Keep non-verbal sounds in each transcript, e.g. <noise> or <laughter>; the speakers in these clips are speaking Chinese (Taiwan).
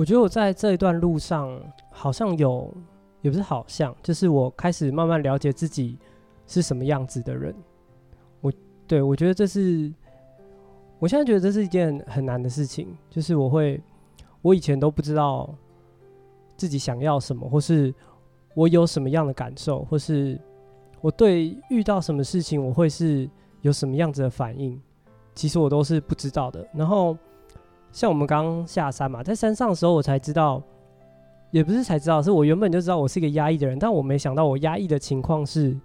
我覺得我在這一段路上，好像有，也不是好像，就是我開始慢慢了解自己是什麼樣子的人。我對我覺得這是，我現在覺得這是一件很難的事情。就是我會，我以前都不知道自己想要什麼，或是我有什麼樣的感受，或是我對遇到什麼事情我會是有什麼樣子的反應，其實我都是不知道的。然後。像我們剛下山嘛，在山上的時候我才知道，也不是才知道，是我原本就知道我是一個壓抑的人，但我沒想到我壓抑的情況是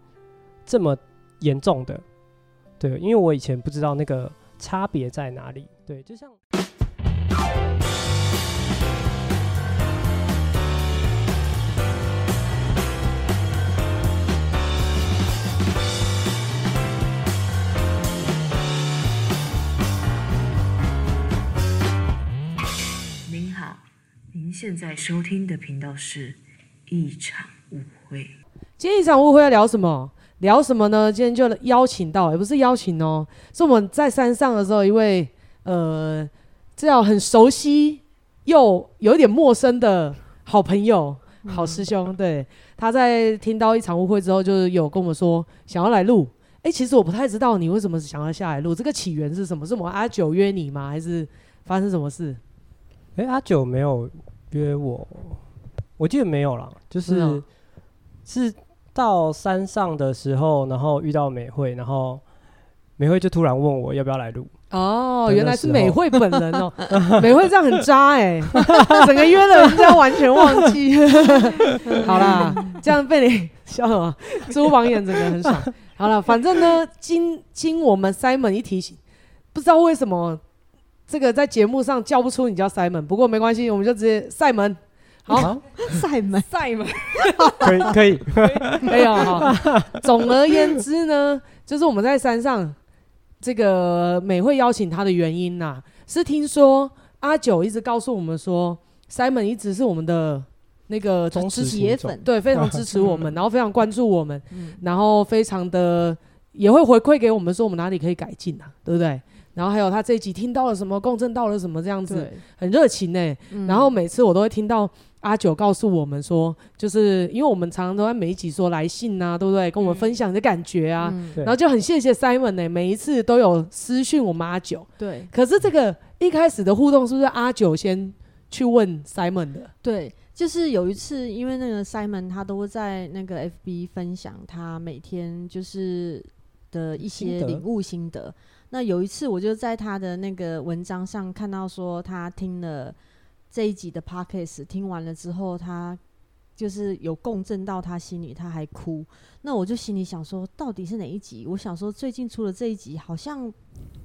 這麼嚴重的，對，因為我以前不知道那個差別在哪裡，對，就像。您現在收聽的頻道是一場誤會。今天一場誤會要聊什麼？聊什麼呢？今天就邀請到，也不是邀請哦，是我們在山上的時候一位呃，這樣很熟悉又有一點陌生的好朋友、好師兄。嗯、對，他在聽到一場誤會之後，就是有跟我們說想要來錄。哎，其實我不太知道你為什麼想要下來錄，這個起源是什麼？是我們阿九約你嗎？還是發生什麼事？哎，阿九沒有約我，我記得沒有了。就是、嗯哦、是到山上的時候，然後遇到美會，然後美會就突然問我要不要來錄。哦，原來是美會本人哦， <laughs> 美會這樣很渣哎，整個約了人家，完全忘記。 <laughs> 好啦，這樣被你笑什麼，朱榜眼整個很爽。好了，反正呢，經經我們賽門一提醒，不知道為什麼。這個在節目上叫不出，你叫賽門。不過沒關係，我們就直接賽門。好，賽門，賽門，門 <laughs> 可以，可以，哎呦哈。總而言之呢， <laughs> 就是我們在山上，這個美會邀請他的原因吶、啊，是聽說阿九一直告訴我們說，賽門一直是我們的那個忠實粉，對，非常支持我們， <laughs> 然後非常關注我們，嗯、然後非常的也會回饋給我們說我們哪裡可以改進啊，對不對？然後還有他這一集聽到了什麼共振到了什麼這樣子對很熱情呢、欸。嗯、然後每次我都會聽到阿九告訴我們說，就是因為我們常常都在每一集說來信啊，對不對？跟我們分享的感覺啊，嗯、然後就很謝謝 Simon 呢、欸。嗯、每一次都有私訊我們阿九。對。可是這個一開始的互動是不是阿九先去問 Simon 的？對，就是有一次，因為那個 Simon 他都會在那個 FB 分享他每天就是的一些領悟心得。心得那有一次，我就在他的那個文章上看到說，他聽了這一集的 podcast 聽完了之後，他就是有共振到他心裡，他還哭。那我就心裡想說，到底是哪一集？我想說，最近出了這一集，好像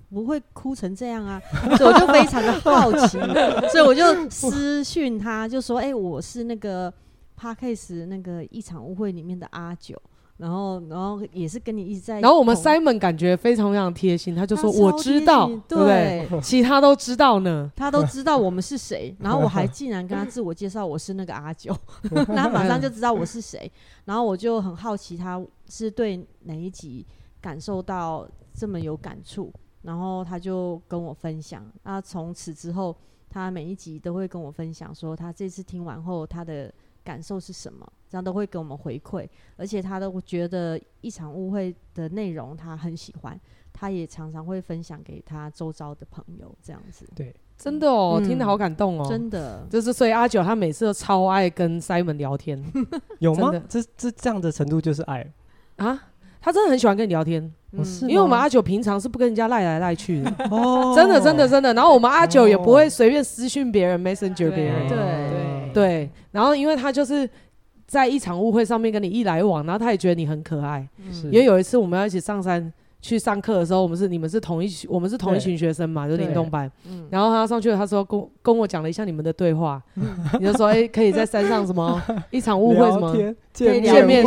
不會哭成這樣啊， <laughs> 所以我就非常的好奇， <laughs> 所以我就私訊他，就說：“哎、欸，我是那個 podcast 那個一場誤會裡面的阿九。”然後，然後也是跟你一直在。然後我們賽門感覺非常非常貼心，他就說：“我知道，對，其他都知道呢，他都知道我們是誰。” <laughs> 然後我還竟然跟他自我介紹，我是那個阿九，那他馬上就知道我是誰。 <laughs> 然後我就很好奇，他是對哪一集感受到這麼有感觸？然後他就跟我分享，那從此之後，他每一集都會跟我分享，說他這次聽完後他的，感受是什麼？這樣都會給我們回饋，而且他都覺得一場誤會的內容他很喜歡，他也常常會分享給他周遭的朋友這樣子。對，真的哦、喔，嗯、聽得好感動哦、喔嗯，真的，就是所以阿九他每次都超愛跟 Simon 聊天， <laughs> 有嗎？的這這這樣的程度就是愛啊，他真的很喜歡跟你聊天，嗯、因為我們阿九平常是不跟人家賴來賴去的，哦，真的真的真的。然後我們阿九也不會隨便私訊別人，Messenger 別、哦、人，對。對對對，然後因為他就是在一場誤會上面跟你一來往，然後他也覺得你很可愛。嗯、因為有一次我們要一起上山去上課的時候，我們是你們是同一群，我們是同一群學生嘛，對就靈動班。嗯、然後他上去了，他說跟跟我講了一下你們的對話， <laughs> 你就說哎、欸、可以在山上什麼一場誤會什麼見面見面，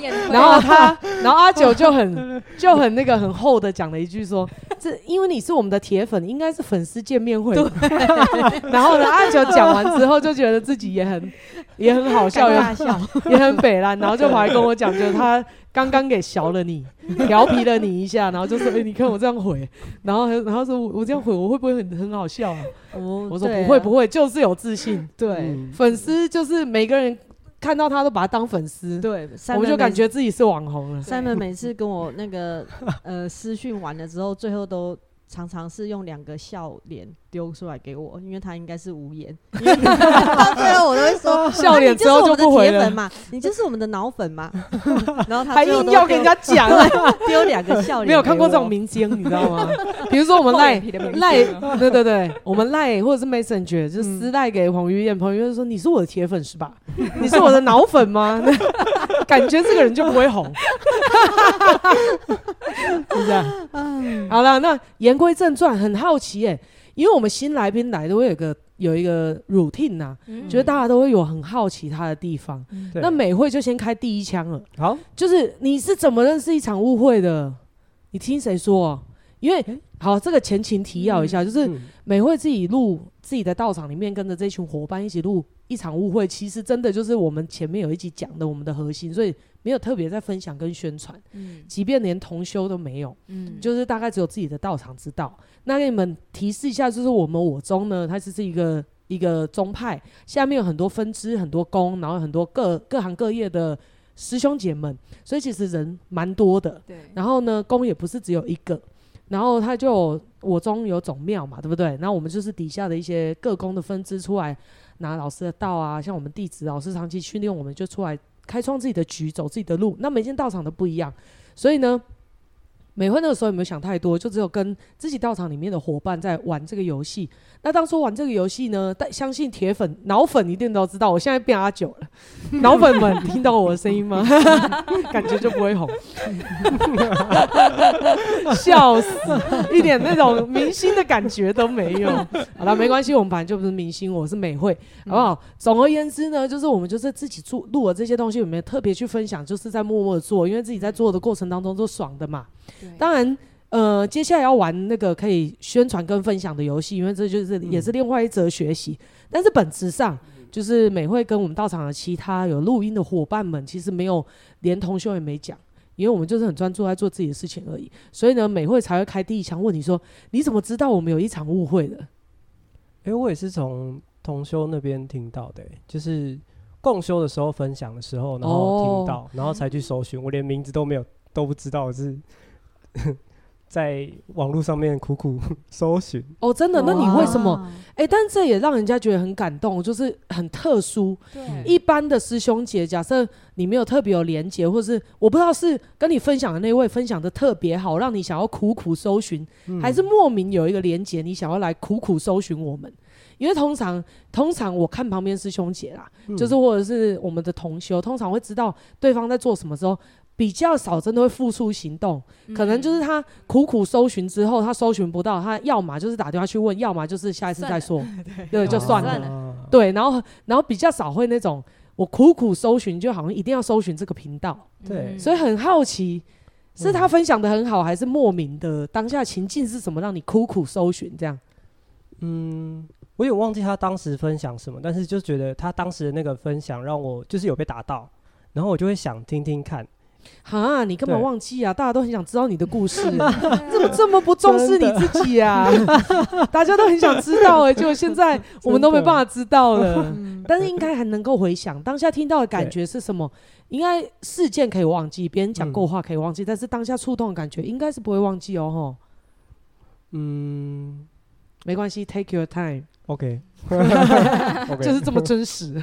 面 <laughs> 然後他然後阿九就很就很那個很厚的講了一句說。這因為你是我們的鐵粉，應該是粉絲見面會。對，然後呢，阿九講完之後就覺得自己也很也很好笑，也很、也很北啦，然後就跑來跟我講，就是他剛剛給削了你，調皮了你一下，然後就說：“哎，你看我這樣毀。”然後然後說我這樣毀，我會不會很很好笑啊？”我說不會不會，就是有自信。對，粉絲就是每個人。看到他都把他當粉絲，對，賽門，我就感覺自己是網紅了。Simon 每次跟我那個對呃私訊完了之後，最後都。常常是用兩個笑臉丟出來給我，因為他應該是無言。到最後我都會說：“笑臉之後就是鐵粉嘛？你就是我們的腦粉嘛？然後他還硬要跟人家講，丟兩個笑臉。沒有看過這種明星，你知道嗎？比如說我們賴賴，對對對，我們賴或者是 Messenger，就私帶給黃玉燕朋友說：“你是我的鐵粉是吧？你是我的腦粉嗎？”感覺這個人就不會紅，是不是？嗯，好了，那嚴。歸正傳，很好奇哎，欸，因為我們新來賓來都會有一個有一個 routine 吶，啊，嗯，覺得大家都會有很好奇他的地方。嗯，那美會就先開第一槍了，好對，就是你是怎麼認識一場誤會的？你聽誰說，啊？因為，欸，好，這個前情提要一下，嗯，就是美會自己錄自己的道場裡面，跟着這群夥伴一起錄一場誤會，其實真的就是我們前面有一集講的我們的核心，所以。沒有特別在分享跟宣傳，嗯、即便連同修都沒有，嗯，就是大概只有自己的道場知道。嗯、那給你們提示一下，就是我們我宗呢，它就是一個一個宗派，下面有很多分支，很多宮，然後很多各各行各業的師兄姐們，所以其實人蠻多的，對然後呢，宮也不是只有一個，然後他就我宗有總廟嘛，對不對？然後我們就是底下的一些各宮的分支出來拿老師的道啊，像我們弟子老師長期訓練，我們就出來，開創自己的局，走自己的路。那每間道場都不一樣，所以呢。美會那個時候有沒有想太多？就只有跟自己道場裡面的夥伴在玩這個遊戲。那當初玩這個遊戲呢？但相信鐵粉、老粉一定都知道，我現在變阿九了。老 <laughs> 粉們聽到我的聲音嗎？ <laughs> 感覺就不會紅，， <laughs> 笑死，一點那種明星的感覺都沒有。好了，沒關係，我們本來就不是明星，我是美會，嗯、好不好？總而言之呢，就是我們就是自己做錄了這些東西，有沒有特別去分享，就是在默默的做，因為自己在做的過程當中都爽的嘛。當然，呃，接下來要玩那個可以宣傳跟分享的遊戲，因為這就是也是另外一則學習。但是本質上，就是美會跟我們到場的其他有錄音的伙伴們，其實沒有連同修也沒講，因為我們就是很專注在做自己的事情而已。所以呢，美會才會開第一槍問你說：“你怎麼知道我們有一場誤會的？”因為我也是從同修那邊聽到的、欸，就是共修的時候分享的時候，然後聽到，然後才去搜尋，我連名字都沒有都不知道是。 <laughs> 在網絡上面苦苦搜尋哦，真的？那你為什麼？哎哇、欸，但這也讓人家覺得很感動，就是很特殊。對，一般的師兄姐，假設你沒有特別有連結，或是我不知道是跟你分享的那位分享的特別好，讓你想要苦苦搜尋，嗯、還是莫名有一個連結，你想要來苦苦搜尋我們？因為通常，通常我看旁邊師兄姐啦，嗯、就是或者是我們的同修，通常會知道對方在做什麼時候。比較少，真的會付出行動，可能就是他苦苦搜尋之後，他搜尋不到，他要麼就是打電話去問，要麼就是下一次再說，對，就算了。對，然後然後比較少會那種，我苦苦搜尋，就好像一定要搜尋這個頻道。對，所以很好奇，是他分享得很好，還是莫名的當下的情境是什麼讓你苦苦搜尋這樣？嗯，我有忘記他當時分享什麼，但是就覺得他當時的那個分享讓我就是有被打到，然後我就會想聽聽看。啊！你幹嘛忘記啊？大家都很想知道你的故事，你怎麼這麼不重視你自己啊？大家都很想知道，哎，結果現在我們都沒辦法知道了。但是應該還能夠回想當下聽到的感覺是什麼？應該事件可以忘記，別人講過話可以忘記，但是當下觸動的感覺應該是不會忘記哦。哈，嗯，沒關係，Take your time，OK，就是這麼真實。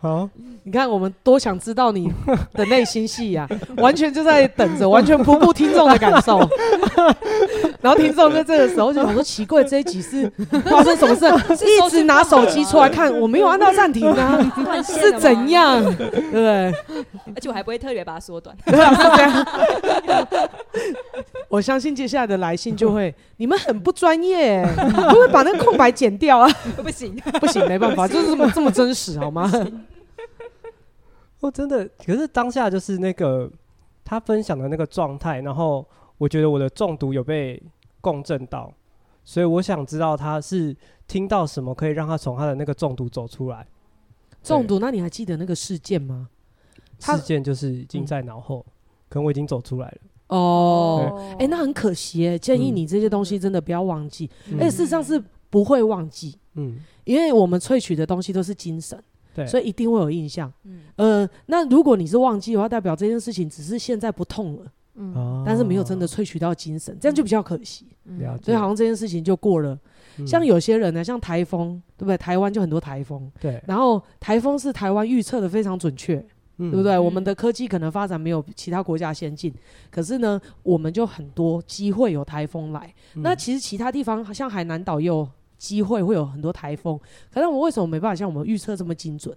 好，你看我們多想知道你的內心戲呀，完全就在等着，完全不顧聽眾的感受。然後聽眾在這個時候就想說奇怪，這一集是發生什麼事？一直拿手機出來看，我沒有按到暫停啊，是怎樣？對，而且我還不會特別把它縮短。我相信接下來的來信就會，你們很不專業，不會把那個空白剪掉啊？不行，不行，沒辦法，就是這麼這麼真實，好嗎？哦，我真的，可是當下就是那個他分享的那個狀態，然後我覺得我的中毒有被共振到，所以我想知道他是聽到什麼可以讓他從他的那個中毒走出來。中毒？對那你還記得那個事件嗎？事件就是已經在腦後，嗯、可能我已經走出來了。哦、oh, 對，哎、欸，那很可惜，建議你這些東西真的不要忘記。嗯、事實上是不會忘記，嗯，因為我們萃取的東西都是精神。所以一定會有印象，嗯，呃，那如果你是忘記的話，代表這件事情只是現在不痛了，嗯，但是沒有真的萃取到精神，這樣就比較可惜，了解，所以好像這件事情就過了。像有些人呢，像颱風，對不對？台灣就很多颱風，對。然後颱風是台灣預測的非常準確，對不對？我們的科技可能發展沒有其他國家先進，可是呢，我們就很多機會有颱風來。那其實其他地方，像海南島又，機會會有很多台風，可是我們為什麼沒辦法像我們預測這麼精準？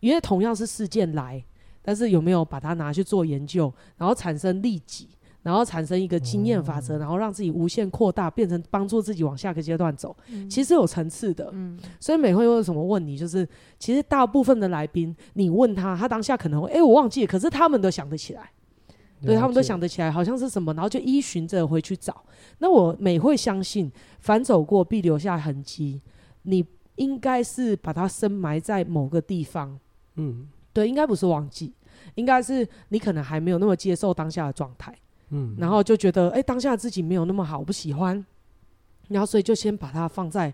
因為同樣是事件來，但是有沒有把它拿去做研究，然後產生利己，然後產生一個經驗法則，然後讓自己無限擴大，變成幫助自己往下個階段走，嗯、其實有層次的。嗯、所以美會有什麼問你？就是其實大部分的來賓，你問他，他當下可能會哎、欸、我忘記了，可是他們都想得起來。對，他們都想得起來，好像是什麼，了解。然後就依循着回去找。那我美會相信，凡走過必留下痕跡。你應該是把它深埋在某個地方，嗯，對，應該不是忘記，應該是你可能還沒有那麼接受當下的狀態，嗯，然後就覺得，哎、欸，當下的自己沒有那麼好，不喜歡，然後所以就先把它放在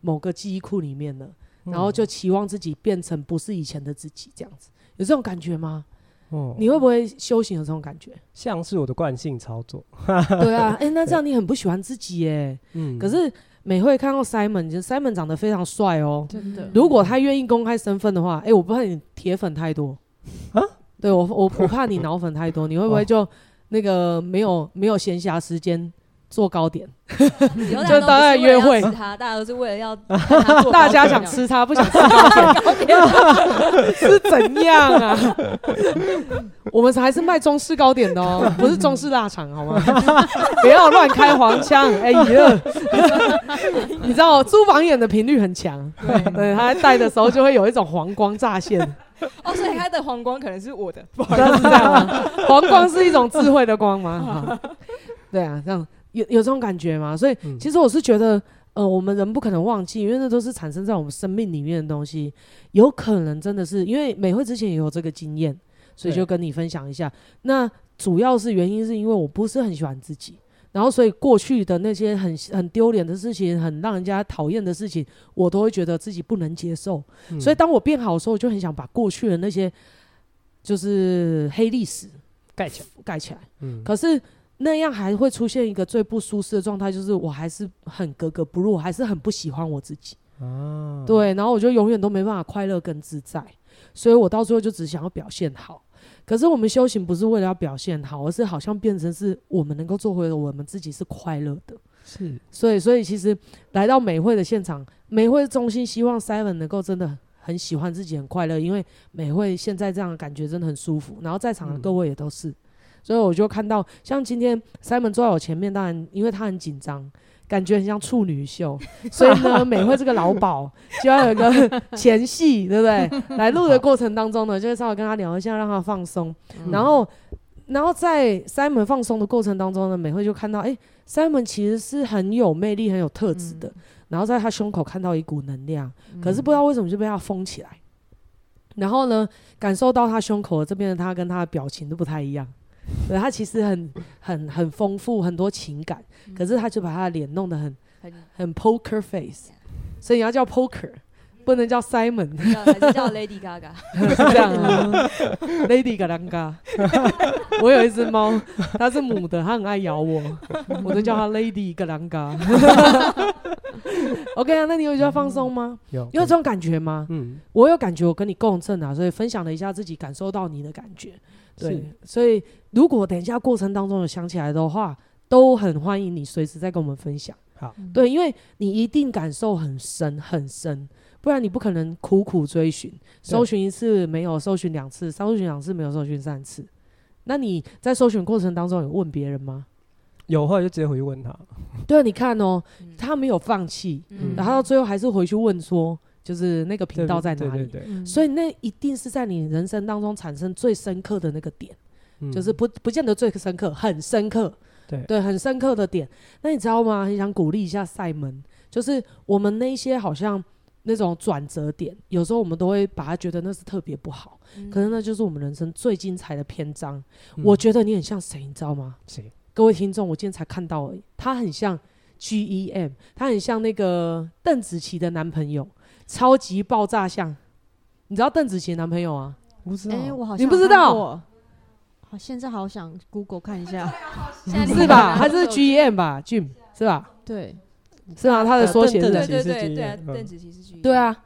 某個記憶庫裡面了，嗯、然後就期望自己變成不是以前的自己，這樣子，有這種感覺嗎？哦、你會不會修行有這種感覺？像是我的慣性操作。 <laughs> 對啊，哎、欸，那這樣你很不喜歡自己耶、欸。對可是美會看到 Simon，就 Simon 長得非常帥哦、喔，的如果他願意公開身份的話，哎、欸，我不怕你鐵粉太多啊。對我，我不怕你腦粉太多。 <laughs> 你會不會就那個沒有沒有閒暇時間？做糕點，就大家約會，大家都是為了要大家想吃它，不想吃糕點，是怎樣啊？我們還是賣中式糕點的哦，不是中式臘腸，好嗎？不要亂開黃腔，哎，你知道朱榜眼的頻率很強，對對，他在戴的時候就會有一種黃光乍現。哦，所以他的黃光可能是我的，是黃光是一種智慧的光嗎？對啊，這樣。有有這種感覺嗎？所以其實我是覺得，呃，我們人不可能忘記，因為那都是產生在我們生命裡面的東西。有可能真的是因為美會之前也有這個經驗，所以就跟你分享一下。那主要是原因是因為我不是很喜歡自己，然後所以過去的那些很很丟臉的事情，很讓人家討厭的事情，我都會覺得自己不能接受。所以當我變好的時候，我就很想把過去的那些就是黑歷史蓋起來蓋起來。可是。那樣還會出現一個最不舒適的狀態，就是我還是很格格不入，我還是很不喜歡我自己。啊、對，然後我就永遠都沒辦法快樂跟自在，所以我到最後就只想要表現好。可是我們修行不是為了要表現好，而是好像變成是我們能夠做回了我們自己，是快樂的。是，所以，所以其實來到美會的現場，美會衷心希望 Simon 能夠真的很喜歡自己，很快樂，因為美會現在這樣的感覺真的很舒服。然後在場的各位也都是。嗯所以我就看到，像今天 Simon 坐在我前面，當然因為他很緊張，感覺很像處女秀。 <laughs> 所以呢，美會這個老鸨就要有個前戲， <laughs> 對不對？來錄的過程當中呢，好就會稍微跟他聊一下，讓他放鬆。嗯、然後，然後在 Simon 放鬆的過程當中呢，美會就看到，哎、欸、，Simon 其實是很有魅力、很有特質的。嗯、然後在他胸口看到一股能量，嗯、可是不知道為什麼就被他封起來。然後呢，感受到他胸口的這邊的他跟他的表情都不太一樣。對，他其實很很很豐富，很多情感，嗯、可是他就把他的臉弄得很很，很 poker face，所以你要叫 poker。不能叫 Simon，還是叫 Lady Gaga？是這樣，Lady Gaga。我有一只貓，它是母的，它很愛咬我，我就叫它 Lady Gaga。OK 啊，那你有需要放鬆嗎？有，有這種感覺嗎？嗯，我有感覺，我跟你共振啊，所以分享了一下自己感受到你的感覺。對，所以如果等一下過程當中有想起來的話，都很歡迎你隨時再跟我們分享。好，對，因為你一定感受很深，很深。不然你不可能苦苦追尋，對搜尋一次沒有，搜尋兩次，搜尋兩次沒有，搜尋三次。那你在搜尋過程當中有問別人嗎？有話就直接回去問他。對，你看哦、喔，嗯、他沒有放棄，嗯、然後到最後還是回去問說，就是那個頻道在哪裡？所以那一定是在你人生當中產生最深刻的那個點，嗯、就是不不見得最深刻，很深刻，對對，很深刻的點。那你知道嗎？你想鼓勵一下賽門，就是我們那些好像。那種轉折點，有時候我們都會把它覺得那是特別不好，嗯、可是那就是我們人生最精彩的篇章。嗯、我覺得你很像誰，你知道嗎？誰？各位聽眾，我今天才看到了，他很像 G E M，他很像那個鄧紫棋的男朋友，超級爆炸像。你知道鄧紫棋的男朋友啊？我不知道，欸、你不知道？好，現在好想 Google 看一下，都都是吧？還是 G E M 吧？Jim 是吧？對。是啊，他的縮寫是寫是劇，對啊，鄧紫棋是對啊，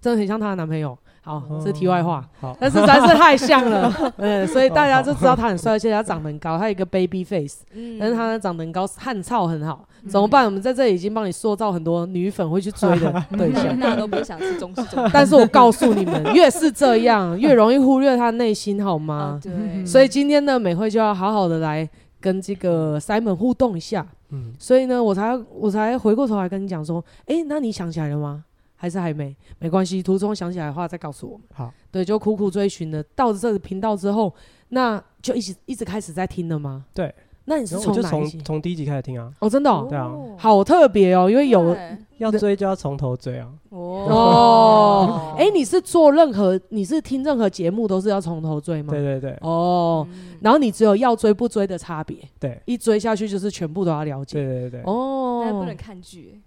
真的很像他的男朋友。好，是題外話，好，但是咱是太像了，嗯，所以大家就知道他很帥，而且他長得很高，他有一個 baby face，但是他長得很高，漢草很好，怎麼辦？我們在這裡已經幫你塑造很多女粉會去追的對象，都想中，但是我告訴你們，越是這樣，越容易忽略他內心，好嗎？對，所以今天呢，美會就要好好的來跟這個 Simon 互動一下。嗯，所以呢，我才我才回過頭來跟你講說，欸，那你想起來了嗎？還是還沒？沒關係，途中想起來的話再告訴我們。好，對，就苦苦追尋的到了這個頻道之後，那就一直一直開始在聽了嗎？對。那你是從從從第一集開始聽啊？哦，真的、喔，喔、對啊，好特別哦、喔，因為有對要追就要從頭追啊。哦哎，你是做任何你是聽任何節目都是要從頭追嗎？對對對。哦、喔，嗯、然後你只有要追不追的差別。對，一追下去就是全部都要了解。對，對對對。哦、喔，但不能看劇、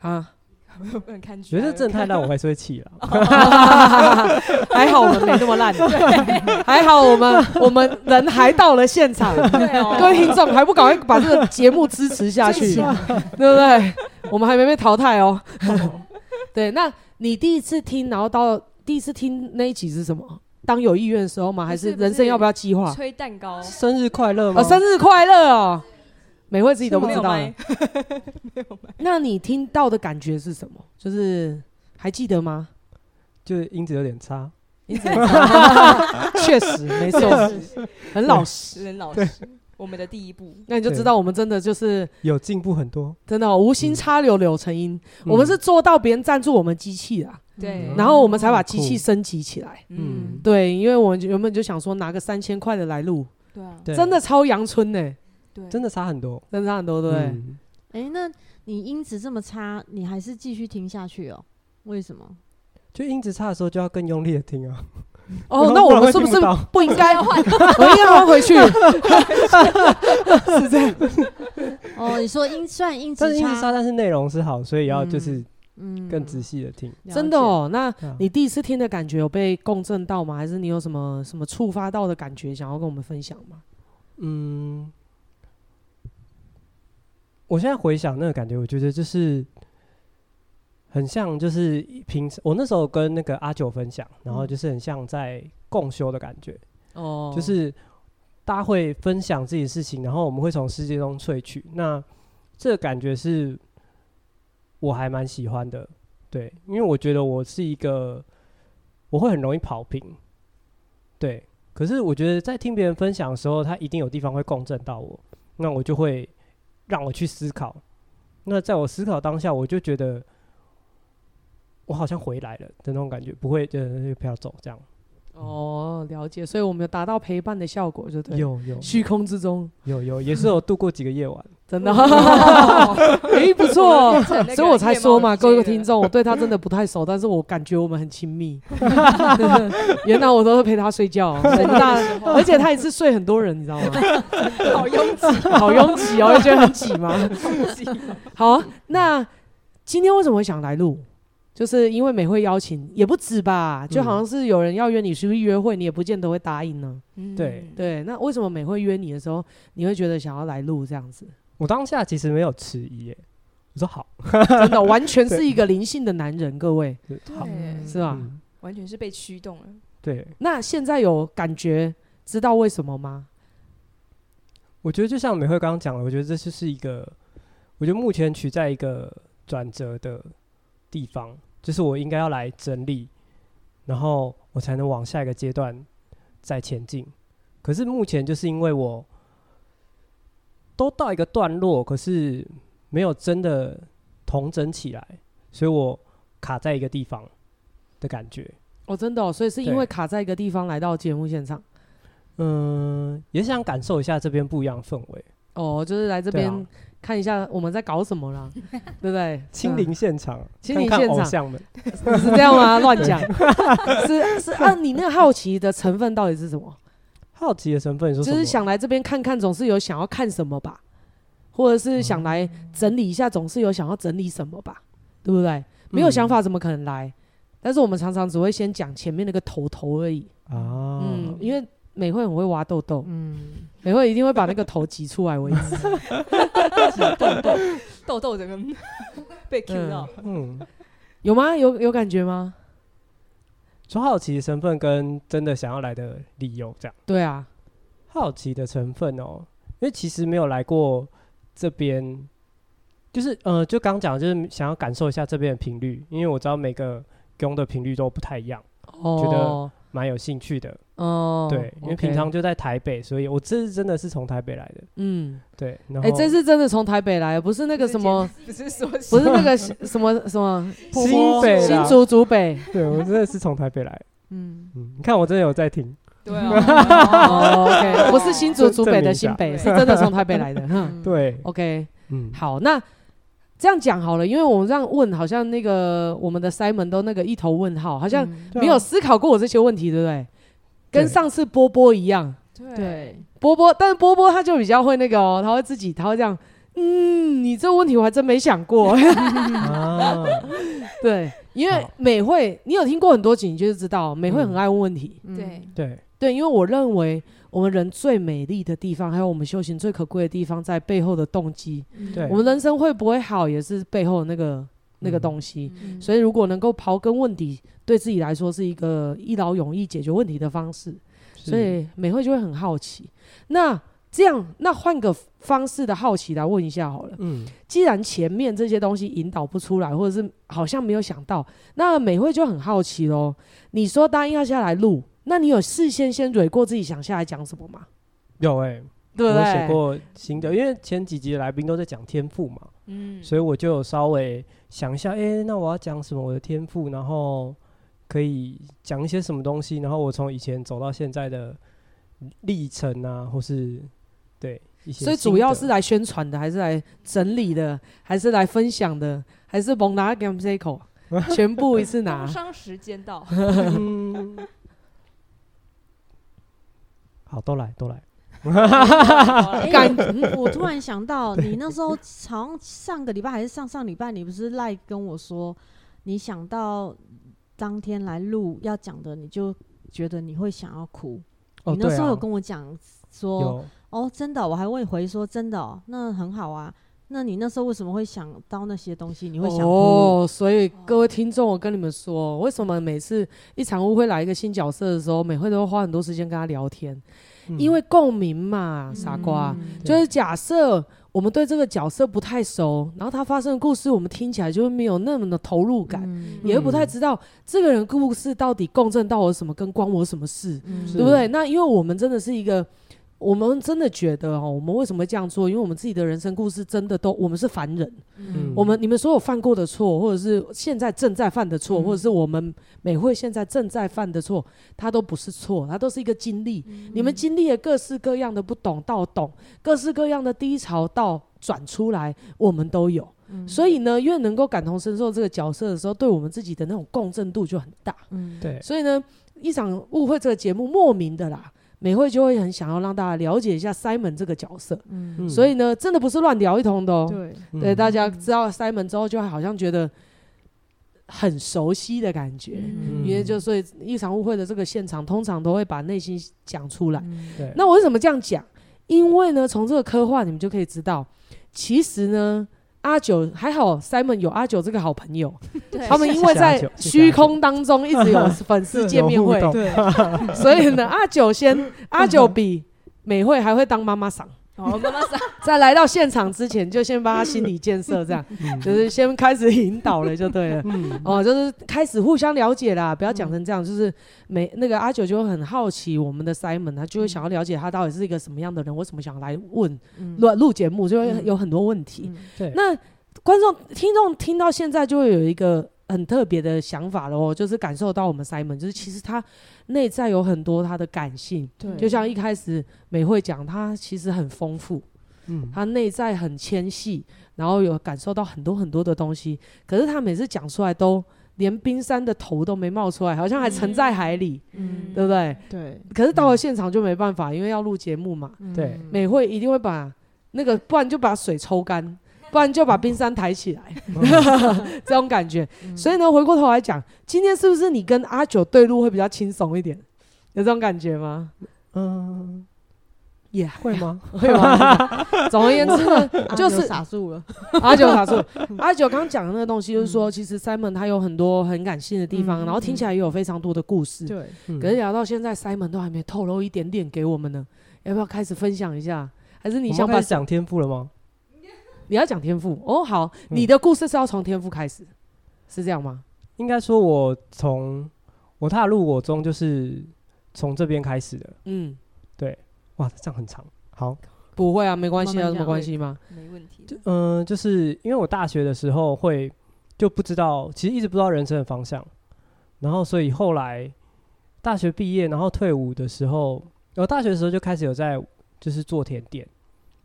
欸。啊。我我覺得正太爛，我還是會氣了、啊。還好我們沒那麼爛，對還好我們我們人還到了現場。哦、各位聽眾還不趕快把這個節目支持下去，對不對？我們還沒被淘汰哦、喔。喔、 <laughs> 對，那你第一次聽，然後到第一次聽那一集是什麼？當有意願的時候嗎？還是人生要不要計劃？是是吹蛋糕，生日快樂嗎、哦？生日快樂哦、喔。每回自己都不知道，沒有麥。那你聽到的感覺是什麼？就是還記得嗎？就是音質有點差，確實沒錯，很老實，很老實。我們的第一步，那你就知道我們真的就是有進步很多，真的無心插柳柳成蔭。我們是做到別人贊助我們機器了，對，然後我們才把機器升級起來。嗯，對，因為我們原本就想說拿個三千塊的來錄，對，真的超陽春呢。對，真的差很多，嗯、真的差很多，對。哎、欸，那你音質這麼差，你還是繼續聽下去哦、喔？為什麼？就音質差的時候，就要更用力的聽啊。哦、 <laughs> 喔，那我們是不是不應該換？我應該換回去？ <laughs> <laughs> 是這樣。哦，你說音，算音雖然音質差，但是內容是好，所以要就是嗯更仔細的聽。嗯嗯、真的哦、喔，那你第一次聽的感覺有被共振到嗎？還是你有什麼什麼觸發到的感覺，想要跟我們分享嗎？嗯。我現在回想那個感覺，我覺得就是很像，就是平時我那時候跟那個阿九分享，然後就是很像在共修的感覺。哦、嗯，就是大家會分享自己的事情，然後我們會從世界中萃取。那這個感覺是我還蠻喜歡的，對，因為我覺得我是一個我會很容易跑偏。對。可是我覺得在聽別人分享的時候，他一定有地方會共振到我，那我就會。讓我去思考，那在我思考當下，我就覺得我好像回來了的那種感覺，不會就不要走這樣。哦，了解，所以我們有達到陪伴的效果。就對。有有，虛空之中有有，也是有度過幾個夜晚。 <laughs> 真的，哎，不錯、喔，所以我才說嘛，各位聽眾，我對他真的不太熟，但是我感覺我們很親密。 <laughs> <laughs> 原來我都是陪他睡覺、喔， <laughs> 而且他也是睡很多人，你知道嗎？ <laughs> 好擁擠，好擁擠哦，會覺得很擠嗎？好，那今天為什麼會想來錄？就是因為美會邀請，也不止吧，就好像是有人要約你出去約會，你也不見得會答應呢、啊。對對，那為什麼美會約你的時候，你會覺得想要來錄這樣子？我當下其實沒有遲疑耶，我說好，真的、喔、完全是一個靈性的男人， <laughs> 對 各位，好，對 是吧？完全是被驅動了。對。那現在有感覺，知道為什麼嗎？我覺得就像美會剛剛講的，我覺得這就是一個，我覺得目前處在一個轉折的地方，就是我應該要來整理，然後我才能往下一個階段再前進。可是目前就是因為我。都到一個段落，可是沒有真的同整起來，所以我卡在一個地方的感覺。哦，真的，哦。所以是因為卡在一個地方來到節目現場？嗯，也想感受一下這邊不一樣的氛圍。哦，就是來這邊看一下我們在搞什麼啦， <laughs> 對不吧對？親臨現場，親臨 <laughs> 現場，看看偶像呢是，是這樣嗎？亂講對， <laughs> 是是按、啊、你那個好奇的成分到底是什麼？好奇的成分，就是想來這邊看看，總是有想要看什麼吧，或者是想來整理一下，總是有想要整理什麼吧，嗯嗯嗯，對不對？沒有想法怎麼可能來？但是我們常常只會先講前面那個頭頭而已啊，哦、嗯，因為美會很會挖痘痘，嗯，美會一定會把那個頭擠出來為止，痘痘，痘痘，痘這個被 Q 到，嗯，有嗎？有有感覺嗎？說好奇的成分跟真的想要來的理由，這樣對啊。好奇的成分哦、喔，因為其實沒有來過這邊，就是呃，就剛講的，就是想要感受一下這邊的頻率，因為我知道每個宮的頻率都不太一樣，oh. 覺得。蠻有興趣的哦，對，因為平常就在台北，所以我這次真的是從台北來的。嗯，對，哎，這次真的從台北來，不是那個什麼，不是那個什麼什麼新北新竹竹北，對我真的是從台北來。嗯嗯，你看，我真的有在聽。對啊，OK，不是新竹竹北的新北，是真的從台北來的。哼，對，OK，嗯，好，那。這樣講好了，因為我們這樣問，好像那個我們的 Simon 都那個一頭問號，好像沒有思考過我這些問題，對不對？跟上次波波一樣，對波波對，但是波波他就比較會那個哦，他會自己，他會這樣。嗯，你這個問題我還真沒想過，對，因為美會，你有聽過很多集，你就知道美會很愛問問題，嗯嗯、對對對，因為我認為。我們人最美麗的地方，還有我們修行最可貴的地方，在背後的動機。嗯、對，我們人生會不會好，也是背後的那個那個東西。嗯嗯、所以，如果能夠刨根問底，對自己來說是一個一勞永逸解決問題的方式。是所以，美會就會很好奇。那這樣，那換個方式的好奇來問一下好了。嗯、既然前面這些東西引導不出來，或者是好像沒有想到，那美會就很好奇嘍。你說答應要下來錄。那你有事先先蕊過自己想下來講什麼嗎？有哎、欸，對，我寫過心得，因為前幾集的來賓都在講天賦嘛，嗯，所以我就有稍微想一下，哎、欸，那我要講什麼？我的天賦，然後可以講一些什麼東西？然後我從以前走到現在的歷程啊，或是對，一些。所以主要是來宣傳的，還是來整理的，嗯、還是來分享的，還是甭拿給我們這一口， <laughs> 全部一次拿。上時間到。 <laughs> 嗯 <laughs> 好，都來都來。感、 <laughs> 欸嗯，我突然想到， <laughs> 你那時候好像上個禮拜還是上上禮拜，你不是賴跟我說，你想到當天來錄要講的，你就覺得你會想要哭。哦、你那時候有跟我講說，有哦，真的、哦，我還會回說真的、哦，那很好啊。那你那時候為什麼會想到那些東西？你會想哦，oh, 所以各位聽眾，我跟你們說，oh. 為什麼每次一場誤會來一個新角色的時候，美會都會花很多時間跟他聊天，嗯、因為共鳴嘛，傻瓜。嗯、就是假設我們對這個角色不太熟，對然後他發生的故事我們聽起來就會沒有那麼的投入感，嗯、也不太知道這個人故事到底共振到我什麼，跟關我什麼事，嗯、對不對？是那因為我們真的是一個。我們真的覺得哦，我們為什麼會這樣做？因為我們自己的人生故事真的都，我們是凡人。嗯，我們你們所有犯過的錯，或者是現在正在犯的錯，嗯、或者是我們美會現在正在犯的錯，它都不是錯，它都是一個經歷。嗯、你們經歷了各式各樣的不懂到懂，嗯、各式各樣的低潮到轉出來，我們都有。嗯、所以呢，因為能夠感同身受這個角色的時候，對我們自己的那種共振度就很大。嗯、對。所以呢，一場誤會這個節目莫名的啦。美會就會很想要讓大家了解一下 Simon 這個角色，嗯、所以呢，真的不是亂聊一通的哦、喔，對，對嗯、大家知道 Simon 之後，就好像覺得很熟悉的感覺，嗯、因為就所以一場誤會的這個現場，通常都會把內心講出來，嗯、那我為什麼這樣講？因為呢，從這個科幻你們就可以知道，其實呢。阿九還好，Simon 有阿九這個好朋友，對他們因為在虛空當中一直有粉絲見面會，所以呢，阿九先， <laughs> 阿九比美會還會當媽媽桑。哦，那麼在來到現場之前，就先幫他心理建設，這樣，嗯、就是先開始引導了，就對了。嗯嗯、哦，就是開始互相了解啦，不要講成這樣，嗯、就是沒那個阿九就很好奇我們的 Simon，他就會想要了解他到底是一個什麼樣的人，為什麼想要來問錄錄節目，就會有很多問題。對，那觀眾聽眾聽到現在就會有一個。很特別的想法的哦，就是感受到我們 Simon，就是其實他內在有很多他的感性，對就像一開始美會講，他其實很豐富，嗯、他內在很纖細，然後有感受到很多很多的東西，可是他每次講出來都連冰山的頭都沒冒出來，好像還沉在海裡，嗯、對不對？對，可是到了現場就沒辦法，嗯、因為要錄節目嘛，嗯、對，美會一定會把那個，不然就把水抽乾。不然就把冰山抬起來，嗯、 <laughs> 這種感覺。所以呢，回過頭來講，今天是不是你跟阿九對路會比較輕鬆一點？有這種感覺嗎？嗯，也會嗎？Yeah 會嗎？ <laughs> 總而言之呢，就是傻住了。阿九傻住了， <laughs> 嗯、阿九剛講的那個東西，就是說，其實 Simon 他有很多很感性的地方，然後聽起來也有非常多的故事。嗯、對。可是聊到現在，Simon 都還沒透露一點點給我們呢。要不要開始分享一下？還是你想分享天賦了嗎？你要講天賦哦？好，你的故事是要從天賦開始，嗯、是這樣嗎？應該說我，我從我踏入我中就是從這邊開始的。嗯，對，哇，這樣很長。好，不會啊，沒關係啊，沒關係嗎？沒問題。嗯、呃，就是因為我大學的時候會就不知道，其實一直不知道人生的方向，然後所以後來大學畢業，然後退伍的時候，我大學的時候就開始有在就是做甜點。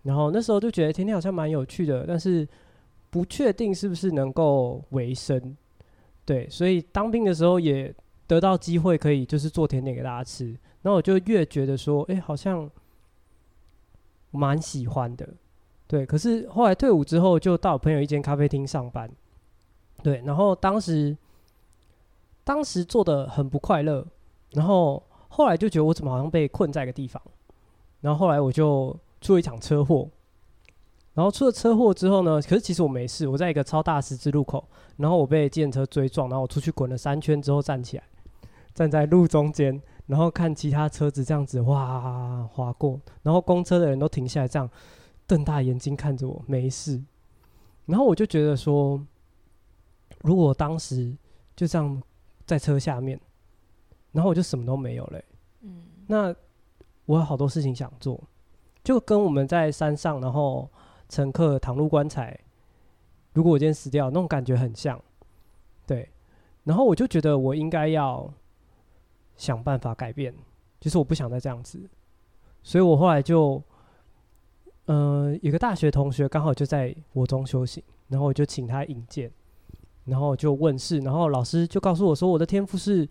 然後那時候就覺得甜點好像蠻有趣的，但是不確定是不是能夠維生，對，所以當兵的時候也得到機會可以就是做甜點給大家吃，那我就越覺得說，哎，好像蠻喜歡的，對。可是後來退伍之後，就到我朋友一間咖啡廳上班，對，然後當時當時做得很不快樂，然後後來就覺得我怎麼好像被困在一個地方，然後後來我就。出了一場車禍，然後出了車禍之後呢，可是其實我沒事，我在一個超大十字路口，然後我被電車追撞，然後我出去滾了三圈之後站起來，站在路中間，然後看其他車子這樣子哇劃過，然後公車的人都停下來，這樣瞪大眼睛看着我沒事，然後我就覺得說，如果當時就這樣在車下面，然後我就什麼都沒有嘞、欸，嗯，那我有好多事情想做。就跟我們在山上，然後乘客躺入棺材，如果我今天死掉，那種感覺很像，對。然後我就覺得我應該要想辦法改變，就是我不想再這樣子。所以我後來就，嗯、呃，有個大學同學剛好就在我宗修行，然後我就請他引薦，然後就問事，然後老師就告訴我說我的天賦是，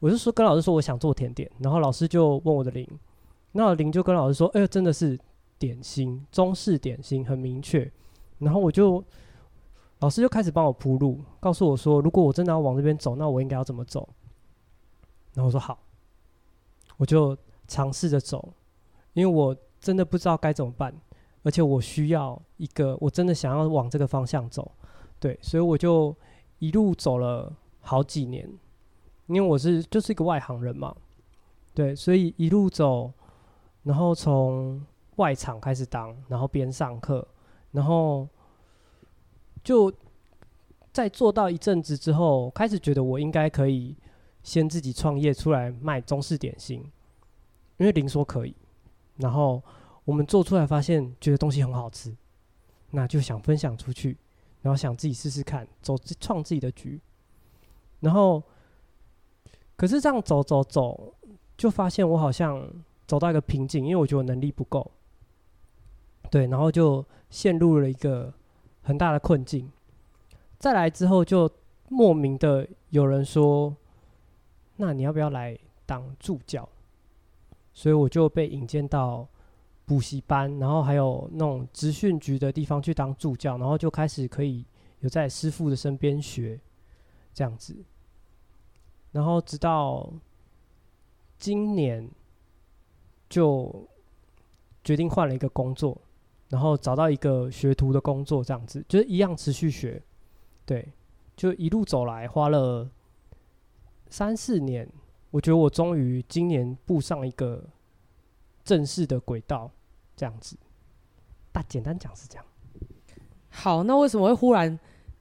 我就說跟老師說我想做甜點，然後老師就問我的靈。那林就跟老師說：“哎呀，真的是點心，中式點心很明確。”然後我就老師就開始幫我鋪路，告訴我說：“如果我真的要往這邊走，那我應該要怎麼走？”然後我說：“好。”我就嘗試着走，因為我真的不知道該怎麼辦，而且我需要一個我真的想要往這個方向走。對，所以我就一路走了好幾年，因為我是就是一個外行人嘛。對，所以一路走。然後從外場開始當，然後邊上課，然後就在做到一陣子之後，開始覺得我應該可以先自己創業出來賣中式點心，因為零說可以。然後我們做出來發現覺得東西很好吃，那就想分享出去，然後想自己試試看，走創自己的局。然後可是這樣走走走，就發現我好像走到一個瓶頸，因為我覺得我能力不夠，對，然後就陷入了一個很大的困境。再來之後，就莫名的有人說：“那你要不要來當助教？”所以我就被引薦到補習班，然後還有那種職訓局的地方去當助教，然後就開始可以有在師傅的身邊學這樣子。然後直到今年。就決定換了一個工作，然後找到一個學徒的工作，這樣子就是一樣持續學。對，就一路走來花了三四年，我覺得我終於今年步上一個正式的軌道，這樣子。大簡單講是這樣。好，那為什麼會忽然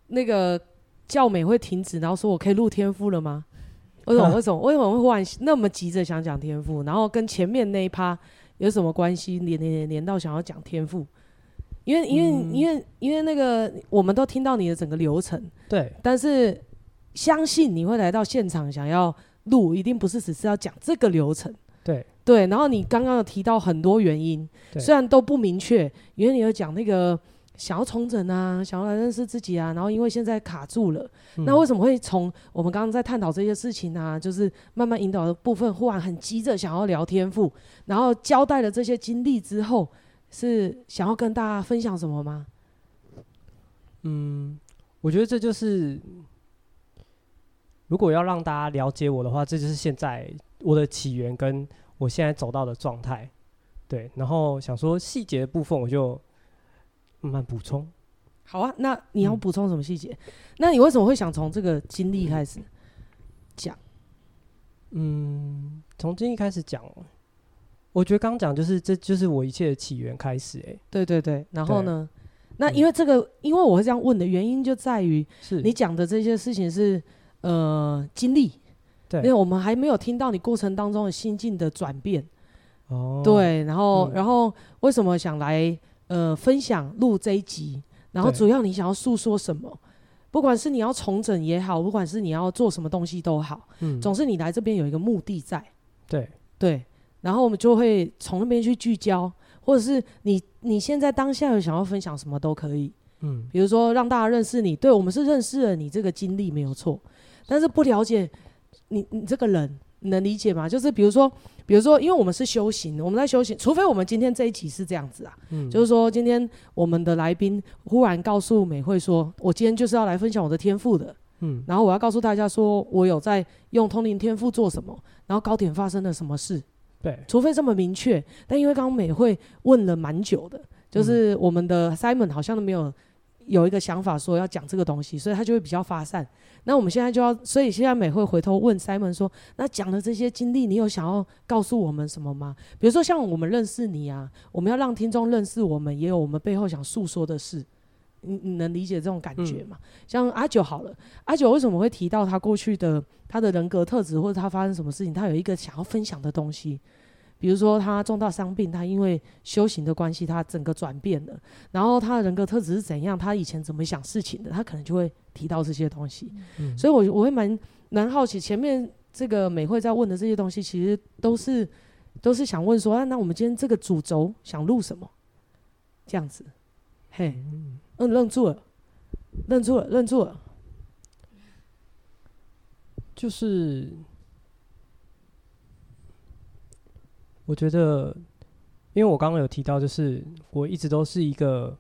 那個教美會停止，然後說我可以錄天賦了嗎？為什麼？為什麼？為什麼會忽然那麼急着想講天賦？然後跟前面那一趴有什麼關係？連連連連到想要講天賦？因為因為因為因為那個我們都聽到你的整個流程，對。但是相信你會來到現場想要錄，一定不是只是要講這個流程，對對。然後你剛剛有提到很多原因，雖然都不明確，因為你有講那個。想要重整啊，想要來認識自己啊，然後因為現在卡住了，嗯、那為什麼會從我們剛剛在探討這些事情啊，就是慢慢引導的部分，忽然很急着想要聊天賦，然後交代了這些經歷之後，是想要跟大家分享什麼嗎？嗯，我覺得這就是如果要讓大家了解我的話，這就是現在我的起源跟我現在走到的狀態。對，然後想說細節的部分我就。慢慢補充，好啊。那你要補充什麼細節？嗯、那你為什麼會想從這個經歷開始講？嗯，從經歷開始講，我覺得剛講就是這就是我一切的起源開始、欸。哎，對對對。然後呢？對那因為這個，嗯、因為我會這樣問的原因就在於，是你講的這些事情是呃經歷，對，因為我們還沒有聽到你過程當中的心境的轉變。哦，對，然後、嗯、然後為什麼想來？呃，分享錄這一集，然後主要你想要訴說什麼，對不管是你要重整也好，不管是你要做什麼東西都好，嗯，總是你來這邊有一個目的在，對對，然後我們就會從那邊去聚焦，或者是你你現在當下有想要分享什麼都可以，嗯，比如說讓大家認識你，對，我們是認識了你這個經歷沒有錯，但是不了解你你這個人。能理解嗎？就是比如說，比如說，因為我們是修行，我們在修行，除非我們今天這一集是這樣子啊，嗯，就是說今天我們的來賓忽然告訴美會說，我今天就是要來分享我的天賦的，嗯，然後我要告訴大家說我有在用通靈天賦做什麼，然後高點發生了什麼事，對，除非這麼明確，但因為剛剛美會問了蠻久的，就是我們的 Simon 好像都沒有。有一個想法說要講這個東西，所以他就會比較發散。那我們現在就要，所以現在美會回頭問 Simon 說：“那講的這些經歷，你有想要告訴我們什麼嗎？比如說像我們認識你啊，我們要讓聽眾認識我們，也有我們背後想訴說的事。你你能理解這種感覺嗎？嗯、像阿九好了，阿九為什麼會提到他過去的他的人格特質或者他發生什麼事情？他有一個想要分享的東西。”比如說他重大傷病，他因為修行的關係，他整個轉變了。然後他的人格特質是怎樣？他以前怎麼想事情的？他可能就會提到這些東西。嗯，所以我，我我會蠻蠻好奇，前面這個美會在問的這些東西，其實都是都是想問說啊，那我們今天這個主軸想錄什麼？這樣子，嘿，嗯，嗯，愣住了，愣住了，愣住了，就是。我覺得，因為我剛剛有提到，就是我一直都是一個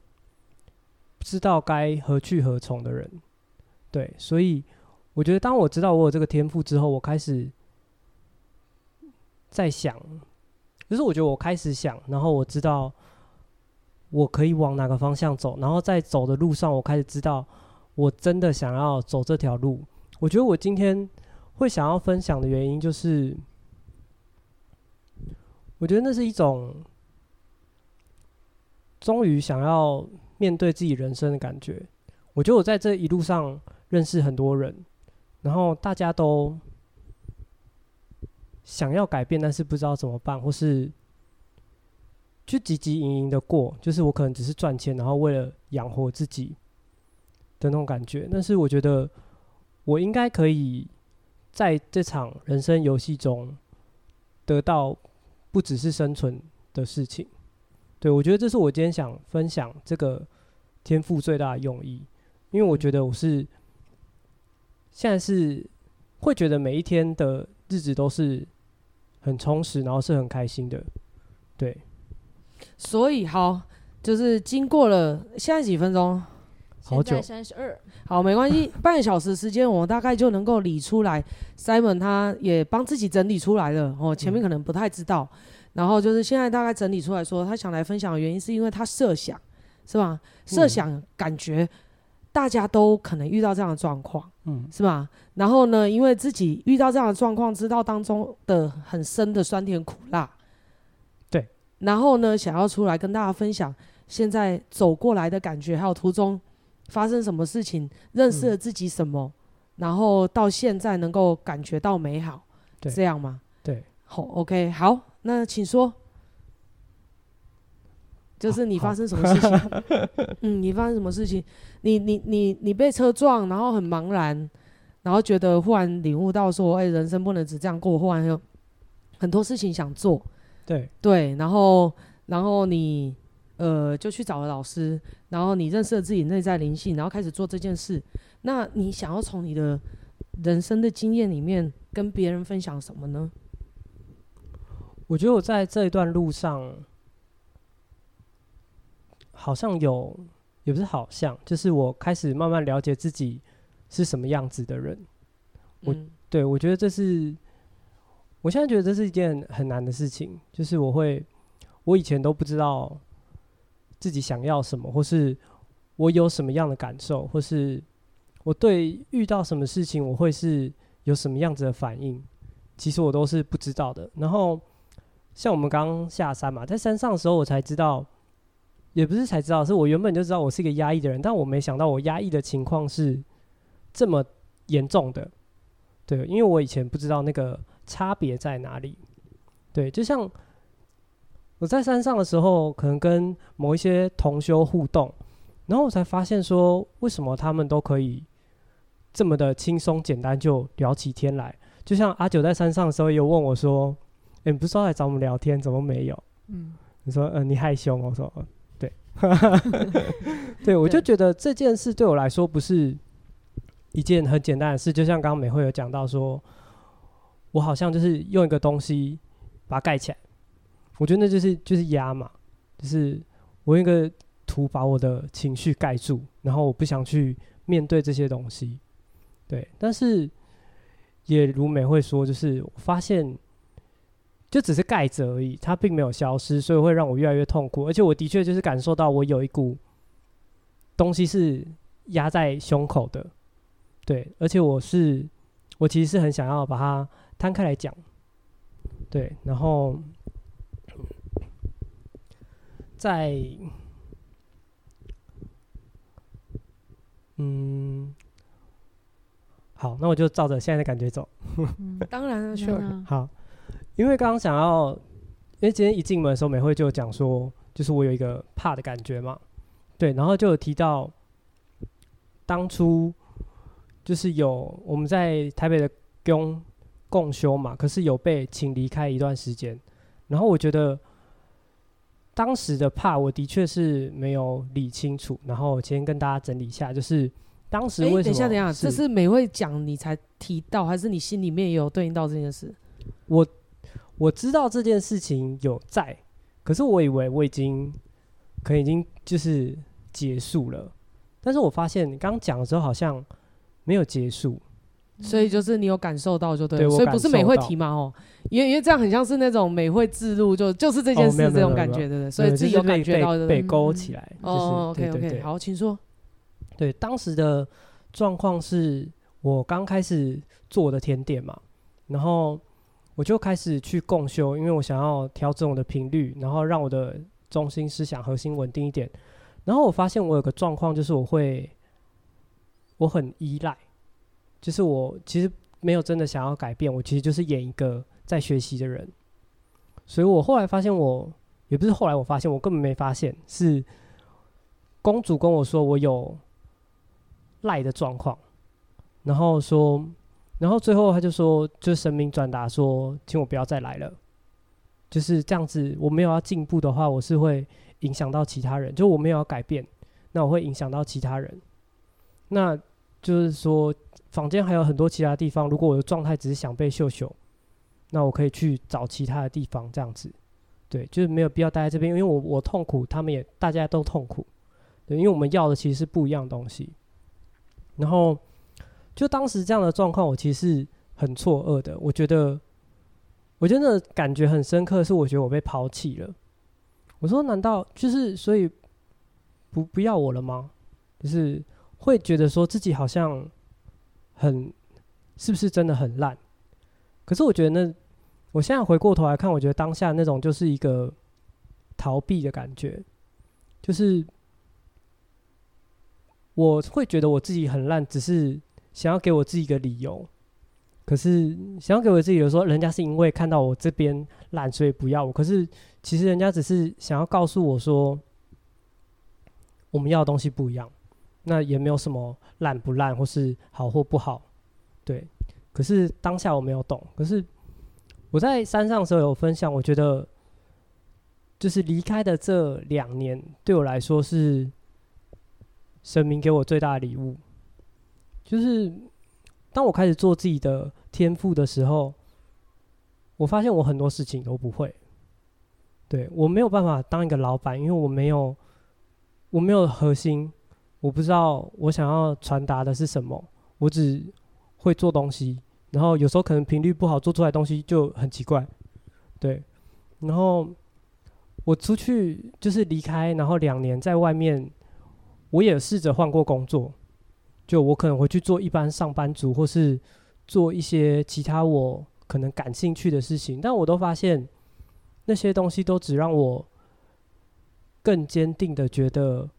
不知道該何去何從的人，對，所以我覺得當我知道我有這個天賦之後，我開始在想，就是我覺得我開始想，然後我知道我可以往哪個方向走，然後在走的路上，我開始知道我真的想要走這條路。我覺得我今天會想要分享的原因就是。我覺得那是一種終於想要面對自己人生的感覺。我覺得我在這一路上認識很多人，然後大家都想要改變，但是不知道怎麼辦，或是就汲汲營營的過，就是我可能只是賺錢，然後為了養活自己的那種感覺。但是我覺得我應該可以在這場人生遊戲中得到。不只是生存的事情，對，我覺得這是我今天想分享這個天賦最大的用意，因為我覺得我是現在是會覺得每一天的日子都是很充實，然後是很開心的，對。所以好，就是經過了現在幾分鐘。好久，現在三十二，好，沒關係， <laughs> 半個小時時間，我大概就能夠理出來。Simon 他也幫自己整理出來了，哦，前面可能不太知道，嗯、然後就是現在大概整理出來說，他想來分享的原因是因為他設想，是吧？設、嗯、想感覺大家都可能遇到這樣的狀況，嗯，是吧？然後呢，因為自己遇到這樣的狀況，知道當中的很深的酸甜苦辣，對，然後呢，想要出來跟大家分享現在走過來的感覺，還有途中。發生什麼事情？認識了自己什麼？嗯、然後到現在能夠感覺到美好，對這樣嗎？對，好，oh，OK，好，那請說，就是你發生什麼事情？ <laughs> 嗯，你發生什麼事情？你你你你被車撞，然後很茫然，然後覺得忽然領悟到說，哎，欸，人生不能只這樣過，忽然有很多事情想做。對對，然後然後你。呃，就去找了老師，然後你認識了自己內在靈性，然後開始做這件事。那你想要從你的人生的經驗裡面跟別人分享什麼呢？我覺得我在這一段路上，好像有，也不是好像，就是我開始慢慢了解自己是什麼樣子的人。嗯。我對我覺得這是，我現在覺得這是一件很難的事情，就是我會，我以前都不知道。自己想要什麼，或是我有什麼樣的感受，或是我對遇到什麼事情，我會是有什麼樣子的反應，其實我都是不知道的。然後像我們剛下山嘛，在山上的時候，我才知道，也不是才知道，是我原本就知道我是一個壓抑的人，但我沒想到我壓抑的情況是這麼嚴重的。對，因為我以前不知道那個差別在哪裡。對，就像。我在山上的時候，可能跟某一些同修互動，然後我才發現說，為什麼他們都可以這麼的輕鬆簡單就聊起天來？就像阿九在山上的時候，也有問我說：“哎、欸，你不是說來找我們聊天，怎麼沒有？”嗯，你說：“嗯、呃，你害羞。”我說：“對， <laughs> <laughs> 對我就覺得這件事對我來說不是一件很簡單的事。就像剛剛美會有講到說，我好像就是用一個東西把它蓋起來。”我覺得那就是就是壓嘛，就是我用一個圖把我的情緒蓋住，然後我不想去面對這些東西，對。但是也如美會說，就是我發現就只是蓋着而已，它並沒有消失，所以會讓我越來越痛苦。而且我的確就是感受到我有一股東西是壓在胸口的，對。而且我是我其實是很想要把它攤開來講，對。然後。在，嗯，好，那我就照着現在的感覺走，嗯。 <laughs> 當然了，是、sure、好，因為剛剛想要，因為今天一進門的時候，美會就有講說，就是我有一個怕的感覺嘛。對，然後就有提到，當初就是有我們在台北的共共修嘛，可是有被請離開一段時間，然後我覺得。當時的怕，我的確是沒有理清楚，然後先跟大家整理一下，就是當時為什麼我？等一下，等下，這是每位講你才提到，還是你心裡面也有對應到這件事？我我知道這件事情有在，可是我以為我已經可能已經就是結束了，但是我發現你剛講的時候好像沒有結束。所以就是你有感受到就對，對，所以不是美會提嘛？哦，因為因為這樣很像是那種美會制度，就就是這件事這種感覺的，所以自己有感覺到的，就是，被，被，被勾起來。哦，OK OK，好，請說。對，當時的狀況是我剛開始做我的甜點嘛，然後我就開始去共修，因為我想要調整我的頻率，然後讓我的中心思想核心穩定一點。然後我發現我有個狀況，就是我會我很依賴。就是我其實沒有真的想要改變，我其實就是演一個在學習的人，所以我後來發現我也不是後來我發現我根本沒發現，是公主跟我說我有賴的狀況，然後說，然後最後他就說，就神明轉達說，請我不要再來了，就是這樣子，我沒有要進步的話，我是會影響到其他人，就我沒有要改變，那我會影響到其他人，那。就是說，房間還有很多其他地方。如果我的狀態只是想被秀秀，那我可以去找其他的地方，這樣子。對，就是沒有必要待在這邊，因為我我痛苦，他們也大家都痛苦。對，因為我們要的其實是不一樣的東西。然後，就當時這樣的狀況，我其實是很錯愕的。我覺得，我真的感覺很深刻，是我覺得我被拋棄了。我說，難道就是所以不不要我了嗎？就是。會覺得說自己好像很，是不是真的很爛？可是我覺得呢，我現在回過頭來看，我覺得當下那種就是一個逃避的感覺，就是我會覺得我自己很爛，只是想要給我自己一個理由。可是想要給我自己的說，人家是因為看到我這邊爛，所以不要我。可是其實人家只是想要告訴我說，我們要的東西不一樣。那也沒有什麼爛不爛，或是好或不好，對。可是當下我沒有懂。可是我在山上的時候有分享，我覺得就是離開的這兩年，對我來說是神明給我最大的禮物，就是當我開始做自己的天賦的時候，我發現我很多事情都不會。對，我沒有辦法當一個老闆，因為我沒有，我沒有核心。我不知道我想要傳達的是什麼，我只會做東西，然後有時候可能頻率不好，做出來東西就很奇怪，對。然後我出去就是離開，然後兩年在外面，我也試着換過工作，就我可能回去做一般上班族，或是做一些其他我可能感興趣的事情，但我都發現那些東西都只讓我更堅定的覺得。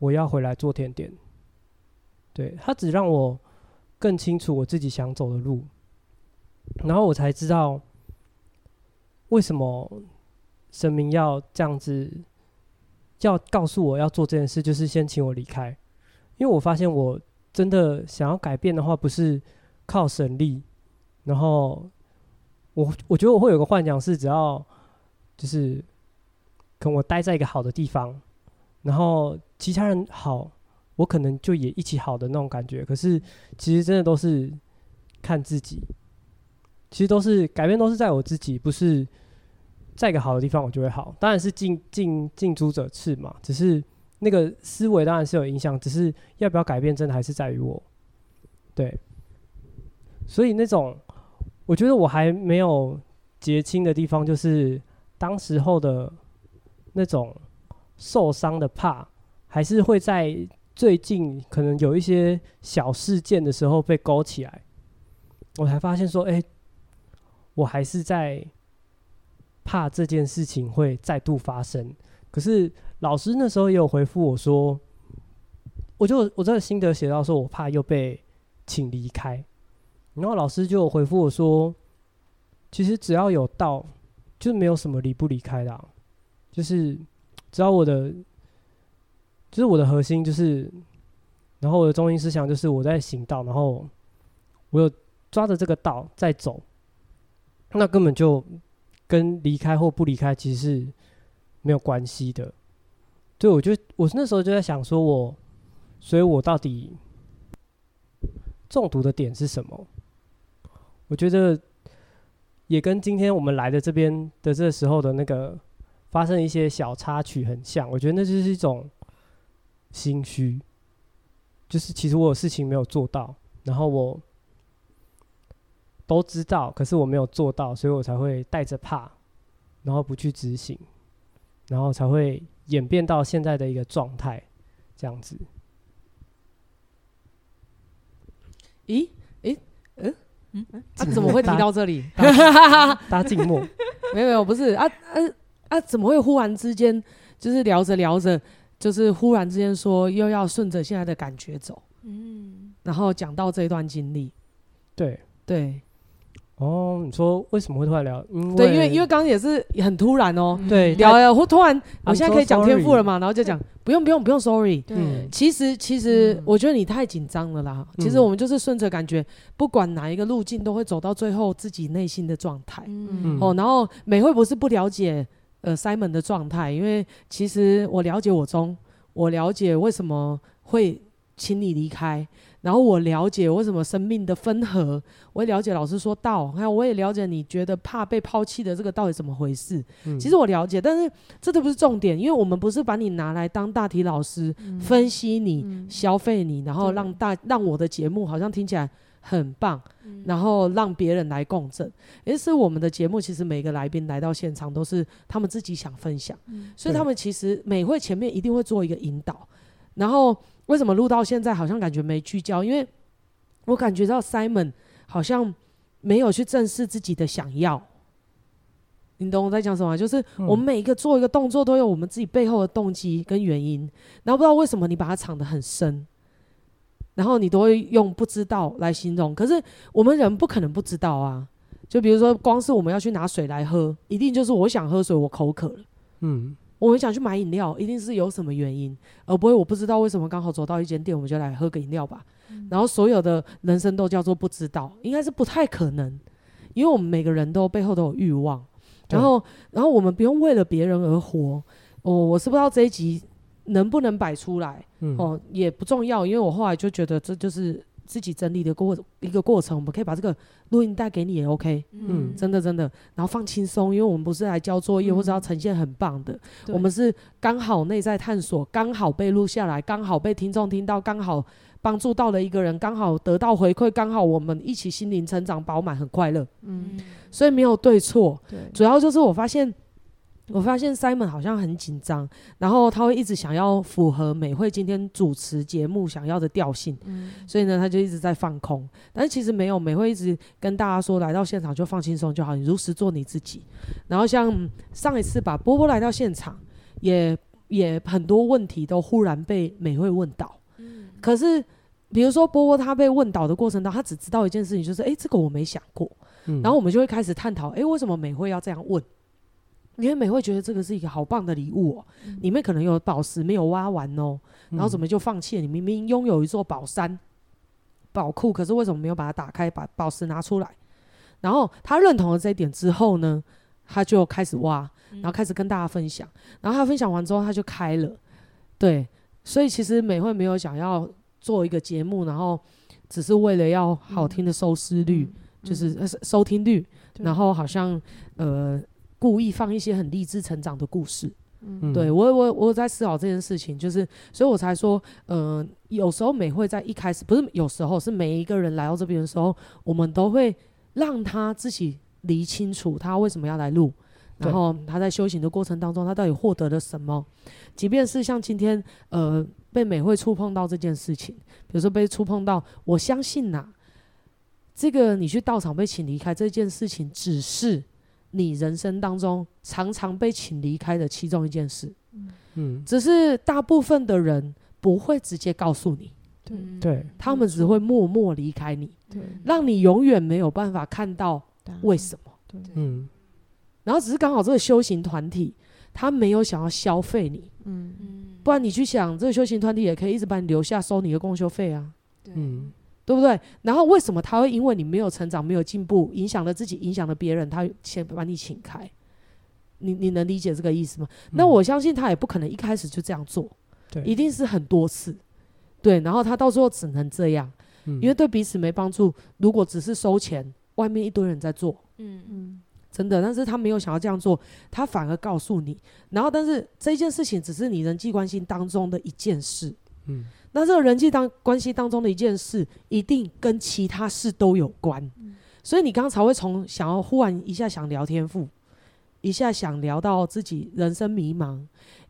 我要回來做甜點，對，他只讓我更清楚我自己想走的路，然後我才知道為什麼神明要這樣子，要告訴我要做這件事，就是先請我離開，因為我發現我真的想要改變的話，不是靠神力。然後我我覺得我會有個幻想是，只要就是跟我待在一個好的地方，然後。其他人好，我可能就也一起好的那種感覺。可是其實真的都是看自己，其實都是改變，都是在我自己，不是在一個好的地方我就會好。當然是近近近朱者赤嘛，只是那個思維當然是有影響，只是要不要改變，真的還是在於我。對，所以那種我覺得我還沒有結清的地方，就是當時候的那種受傷的怕。還是會在最近可能有一些小事件的時候被勾起來，我才發現說，哎、欸，我還是在怕這件事情會再度發生。可是老師那時候也有回復我說，我就我這個心得寫到說，我怕又被請離開。然後老師就有回復我說，其實只要有道，就是沒有什麼離不離開的，啊，就是只要我的。就是我的核心就是，然後我的中心思想就是我在行道，然後我有抓着這個道在走，那根本就跟離開或不離開其實是沒有關係的。對，我就我那時候就在想說，我，所以我到底中毒的點是什麼？我覺得也跟今天我們來的這邊的這時候的那個發生一些小插曲很像，我覺得那就是一種。心虛，就是其實我有事情沒有做到，然後我都知道，可是我沒有做到，所以我才會帶着怕，然後不去執行，然後才會演變到現在的一個狀態，這樣子。咦？誒？嗯嗯？麼啊？怎麼會提到這裡？大家 <laughs> 靜默。沒有 <laughs> 沒有，不是啊啊啊！啊啊怎麼會忽然之間就是聊着聊着？就是忽然之間說又要順着現在的感覺走，嗯，然後講到這一段經歷，對對，對哦，你說為什麼會突然聊？對，因為因為剛剛也是很突然哦、喔，嗯、對，聊聊，我突然、嗯啊、我現在可以講天賦了嘛，然後就講、嗯、不用不用不用，sorry，嗯，對其實其實我覺得你太緊張了啦，嗯、其實我們就是順着感覺，不管哪一個路徑都會走到最後自己內心的狀態，嗯哦，然後美會不是不了解。呃，賽門的狀態，因為其實我了解，我中，我了解為什麼會請你離開，然後我了解為什麼生命的分合，我也了解老師說到，還有我也了解你覺得怕被拋棄的這個到底怎麼回事。嗯、其實我了解，但是這都不是重點，因為我們不是把你拿來當大體老師、嗯、分析你、嗯、消費你，然後讓大、嗯、讓我的節目好像聽起來。很棒，嗯、然後讓別人來共振。也是我們的節目，其實每個來賓來到現場都是他們自己想分享，嗯、所以他們其實美會前面一定會做一個引導。對然後為什麼錄到現在好像感覺沒聚焦？因為我感覺到 Simon 好像沒有去正視自己的想要。你懂我在講什麼？就是我們每一個做一個動作都有我們自己背後的動機跟原因。嗯、然後不知道為什麼你把它藏得很深。然後你都會用不知道來形容，可是我們人不可能不知道啊。就比如說，光是我們要去拿水來喝，一定就是我想喝水，我口渴了。嗯，我們想去買飲料，一定是有什麼原因，而不會我不知道為什麼剛好走到一間店，我們就來喝個飲料吧。嗯、然後所有的人生都叫做不知道，應該是不太可能，因為我們每個人都背後都有慾望。然後，對然後我們不用為了別人而活。哦，我是不知道這一集。能不能擺出來？嗯、哦，也不重要，因為我後來就覺得這就是自己整理的過一個過程。我們可以把這個錄音帶給你也 OK 嗯。嗯，真的真的。然後放輕鬆，因為我們不是來交作業，嗯、或者要呈現很棒的。對，我們是剛好內在探索，剛好被錄下來，剛好被聽眾聽到，剛好幫助到了一個人，剛好得到回饋，剛好我們一起心靈成長，飽滿很快樂。嗯，所以沒有對錯。對，主要就是我發現。我發現 Simon 好像很緊張，然後他會一直想要符合美會今天主持節目想要的調性，嗯、所以呢，他就一直在放空。但其實沒有，美會一直跟大家說，來到現場就放輕鬆就好，你如實做你自己。然後像上一次吧，波波來到現場，也也很多問題都忽然被美會問倒。嗯、可是比如說波波他被問倒的過程當中，他只知道一件事情，就是哎，這個我沒想過。嗯、然後我們就會開始探討，哎，為什麼美會要這樣問？因為美會覺得這個是一個好棒的禮物，哦，裡面可能有寶石沒有挖完哦、喔，然後怎麼就放棄了？你明明擁有一座寶山、寶庫，可是為什麼沒有把它打開，把寶石拿出來？然後他認同了這一點之後呢，他就開始挖，然後開始跟大家分享。然後他分享完之後，他就開了。對，所以其實美會沒有想要做一個節目，然後只是為了要好聽的收視率，就是收聽率。然後好像呃。故意放一些很勵志成長的故事嗯，嗯，對，我我我在思考這件事情，就是所以我才說，呃，有時候美會在一開始，不是有時候，是每一個人來到這邊的時候，我們都會讓他自己理清楚他為什麼要來錄，然後他在修行的過程當中，他到底獲得了什麼？即便是像今天，呃，被美會觸碰到這件事情，比如說被觸碰到，我相信吶、啊，這個你去道場被請離開這件事情，只是。你人生當中常常被請離開的其中一件事，只是大部分的人不會直接告訴你，對，他們只會默默離開你，讓你永遠沒有辦法看到為什麼，然後只是剛好這個修行團體，他沒有想要消費你，不然你去想，這個修行團體也可以一直把你留下，收你的共修費啊，對不對？然後為什麼他會因為你沒有成長、沒有進步，影響了自己、影響了別人，他會先把你請開？你你能理解這個意思嗎？嗯、那我相信他也不可能一開始就這樣做，對，一定是很多次，對。然後他到最後只能這樣，嗯、因為對彼此沒幫助。如果只是收錢，外面一堆人在做，嗯嗯，嗯真的。但是他沒有想要這樣做，他反而告訴你。然後，但是這件事情只是你人際關係當中的一件事。那這個人際當關係當中的一件事，一定跟其他事都有關。所以你剛才會從想要忽然一下想聊天賦，一下想聊到自己人生迷茫，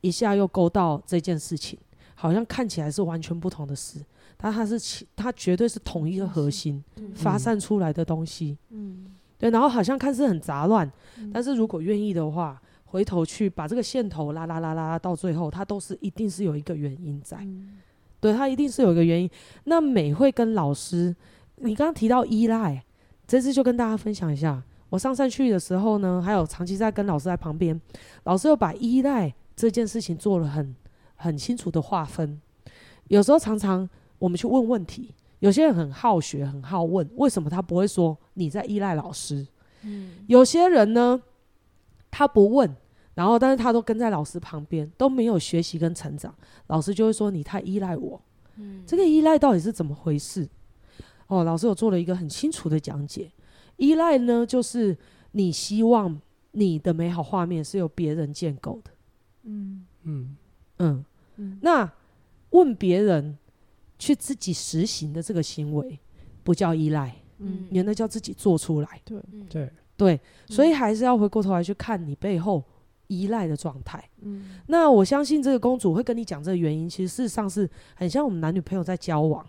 一下又勾到這件事情，好像看起來是完全不同的事，但它是它絕對是同一個核心發散出來的東西。嗯，對，然後好像看似很雜亂，但是如果願意的話，回頭去把這個線頭拉拉拉拉拉到最後，它都是一定是有一個原因在。對他一定是有一個原因。那美會跟老師，你剛剛提到依賴，這次就跟大家分享一下。我上山去的時候呢，還有長期在跟老師在旁邊，老師又把依賴這件事情做了很很清楚的劃分。有時候常常我們去問問題，有些人很好學、很好問，為什麼他不會說你在依賴老師？嗯，有些人呢，他不問。然後，但是他都跟在老師旁邊，都沒有學習跟成長。老師就會說：“你太依賴我。嗯”這個依賴到底是怎麼回事？哦，老師有做了一個很清楚的講解。依賴呢，就是你希望你的美好畫面是由別人建構的。嗯嗯嗯，嗯，那問別人去自己實行的這個行為，不叫依賴。嗯，原來叫自己做出來。對對、嗯、對。對嗯、所以還是要回過頭來去看你背後。依賴的狀態，嗯，那我相信這個公主會跟你講這個原因。其實事實上是很像我們男女朋友在交往。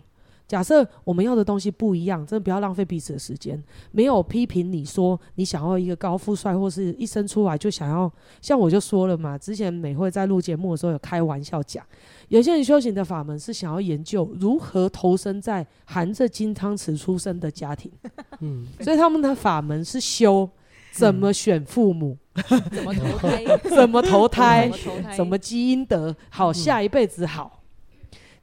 假設我們要的東西不一樣，真的不要浪費彼此的時間。沒有批評你說你想要一個高富帥，或是一生出來就想要。像我就說了嘛，之前美會在錄節目的時候有開玩笑講，有些人修行的法門是想要研究如何投身在含着金湯匙出生的家庭，嗯，所以他們的法門是修。怎麼選父母？嗯、怎麼投胎？ <laughs> 怎麼投胎？怎麼積陰德？好，嗯、下一輩子好。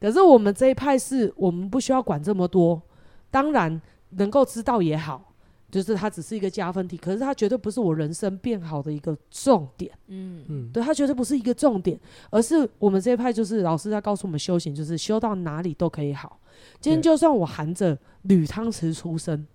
可是我們這一派是，我們不需要管這麼多。當然，能夠知道也好，就是它只是一個加分題。可是它絕對不是我人生變好的一個重點。嗯嗯，對，它絕對不是一個重點，而是我們這一派就是老師在告訴我們，修行就是修到哪裡都可以好。今天就算我含着鋁湯匙出生。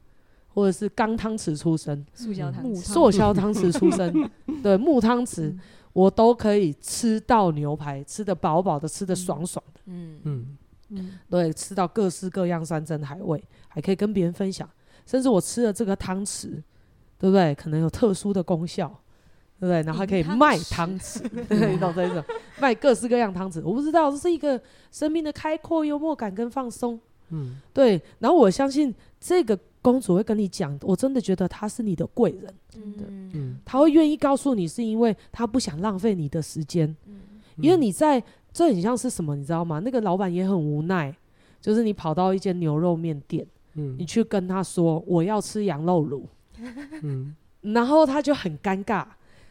或者是鋼湯匙出身，塑膠湯，塑膠湯匙出身，對，木湯匙，我都可以吃到牛排，吃得飽飽的，吃得爽爽的，嗯嗯，對，吃到各式各樣山珍海味，還可以跟別人分享，甚至我吃了這個湯匙，對不對？可能有特殊的功效，對不對？然後還可以賣湯匙，你懂這種賣各式各樣湯匙，我不知道這是一個生命的開闊、幽默感跟放鬆，嗯，對，然後我相信這個。公主會跟你講，我真的覺得她是你的貴人，真的，嗯、他會願意告訴你，是因為他不想浪費你的時間。嗯、因為你在這很像是什麼，你知道嗎？那個老闆也很無奈，就是你跑到一間牛肉麵店，嗯、你去跟他說我要吃羊肉爐，嗯、然後他就很尷尬，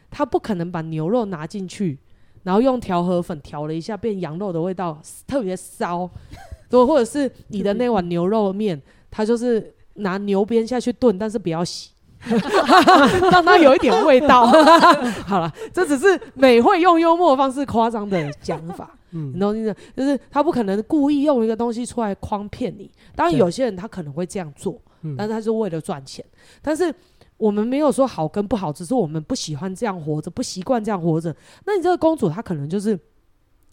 他不可能把牛肉拿進去，然後用調和粉調了一下變羊肉的味道，特別騷，或 <laughs> 或者是你的那碗牛肉麵，他就是。拿牛鞭下去燉，但是不要洗， <laughs> 讓它有一點味道。 <laughs> 好了，這只是美會用幽默方式誇張的講法。嗯，然後就是，就是他不可能故意用一個東西出來誆騙你。當然，有些人他可能會這樣做，對但是他是為了賺錢。嗯，但是我們沒有說好跟不好，只是我們不喜歡這樣活着，不習慣這樣活着。那你這個公主，她可能就是，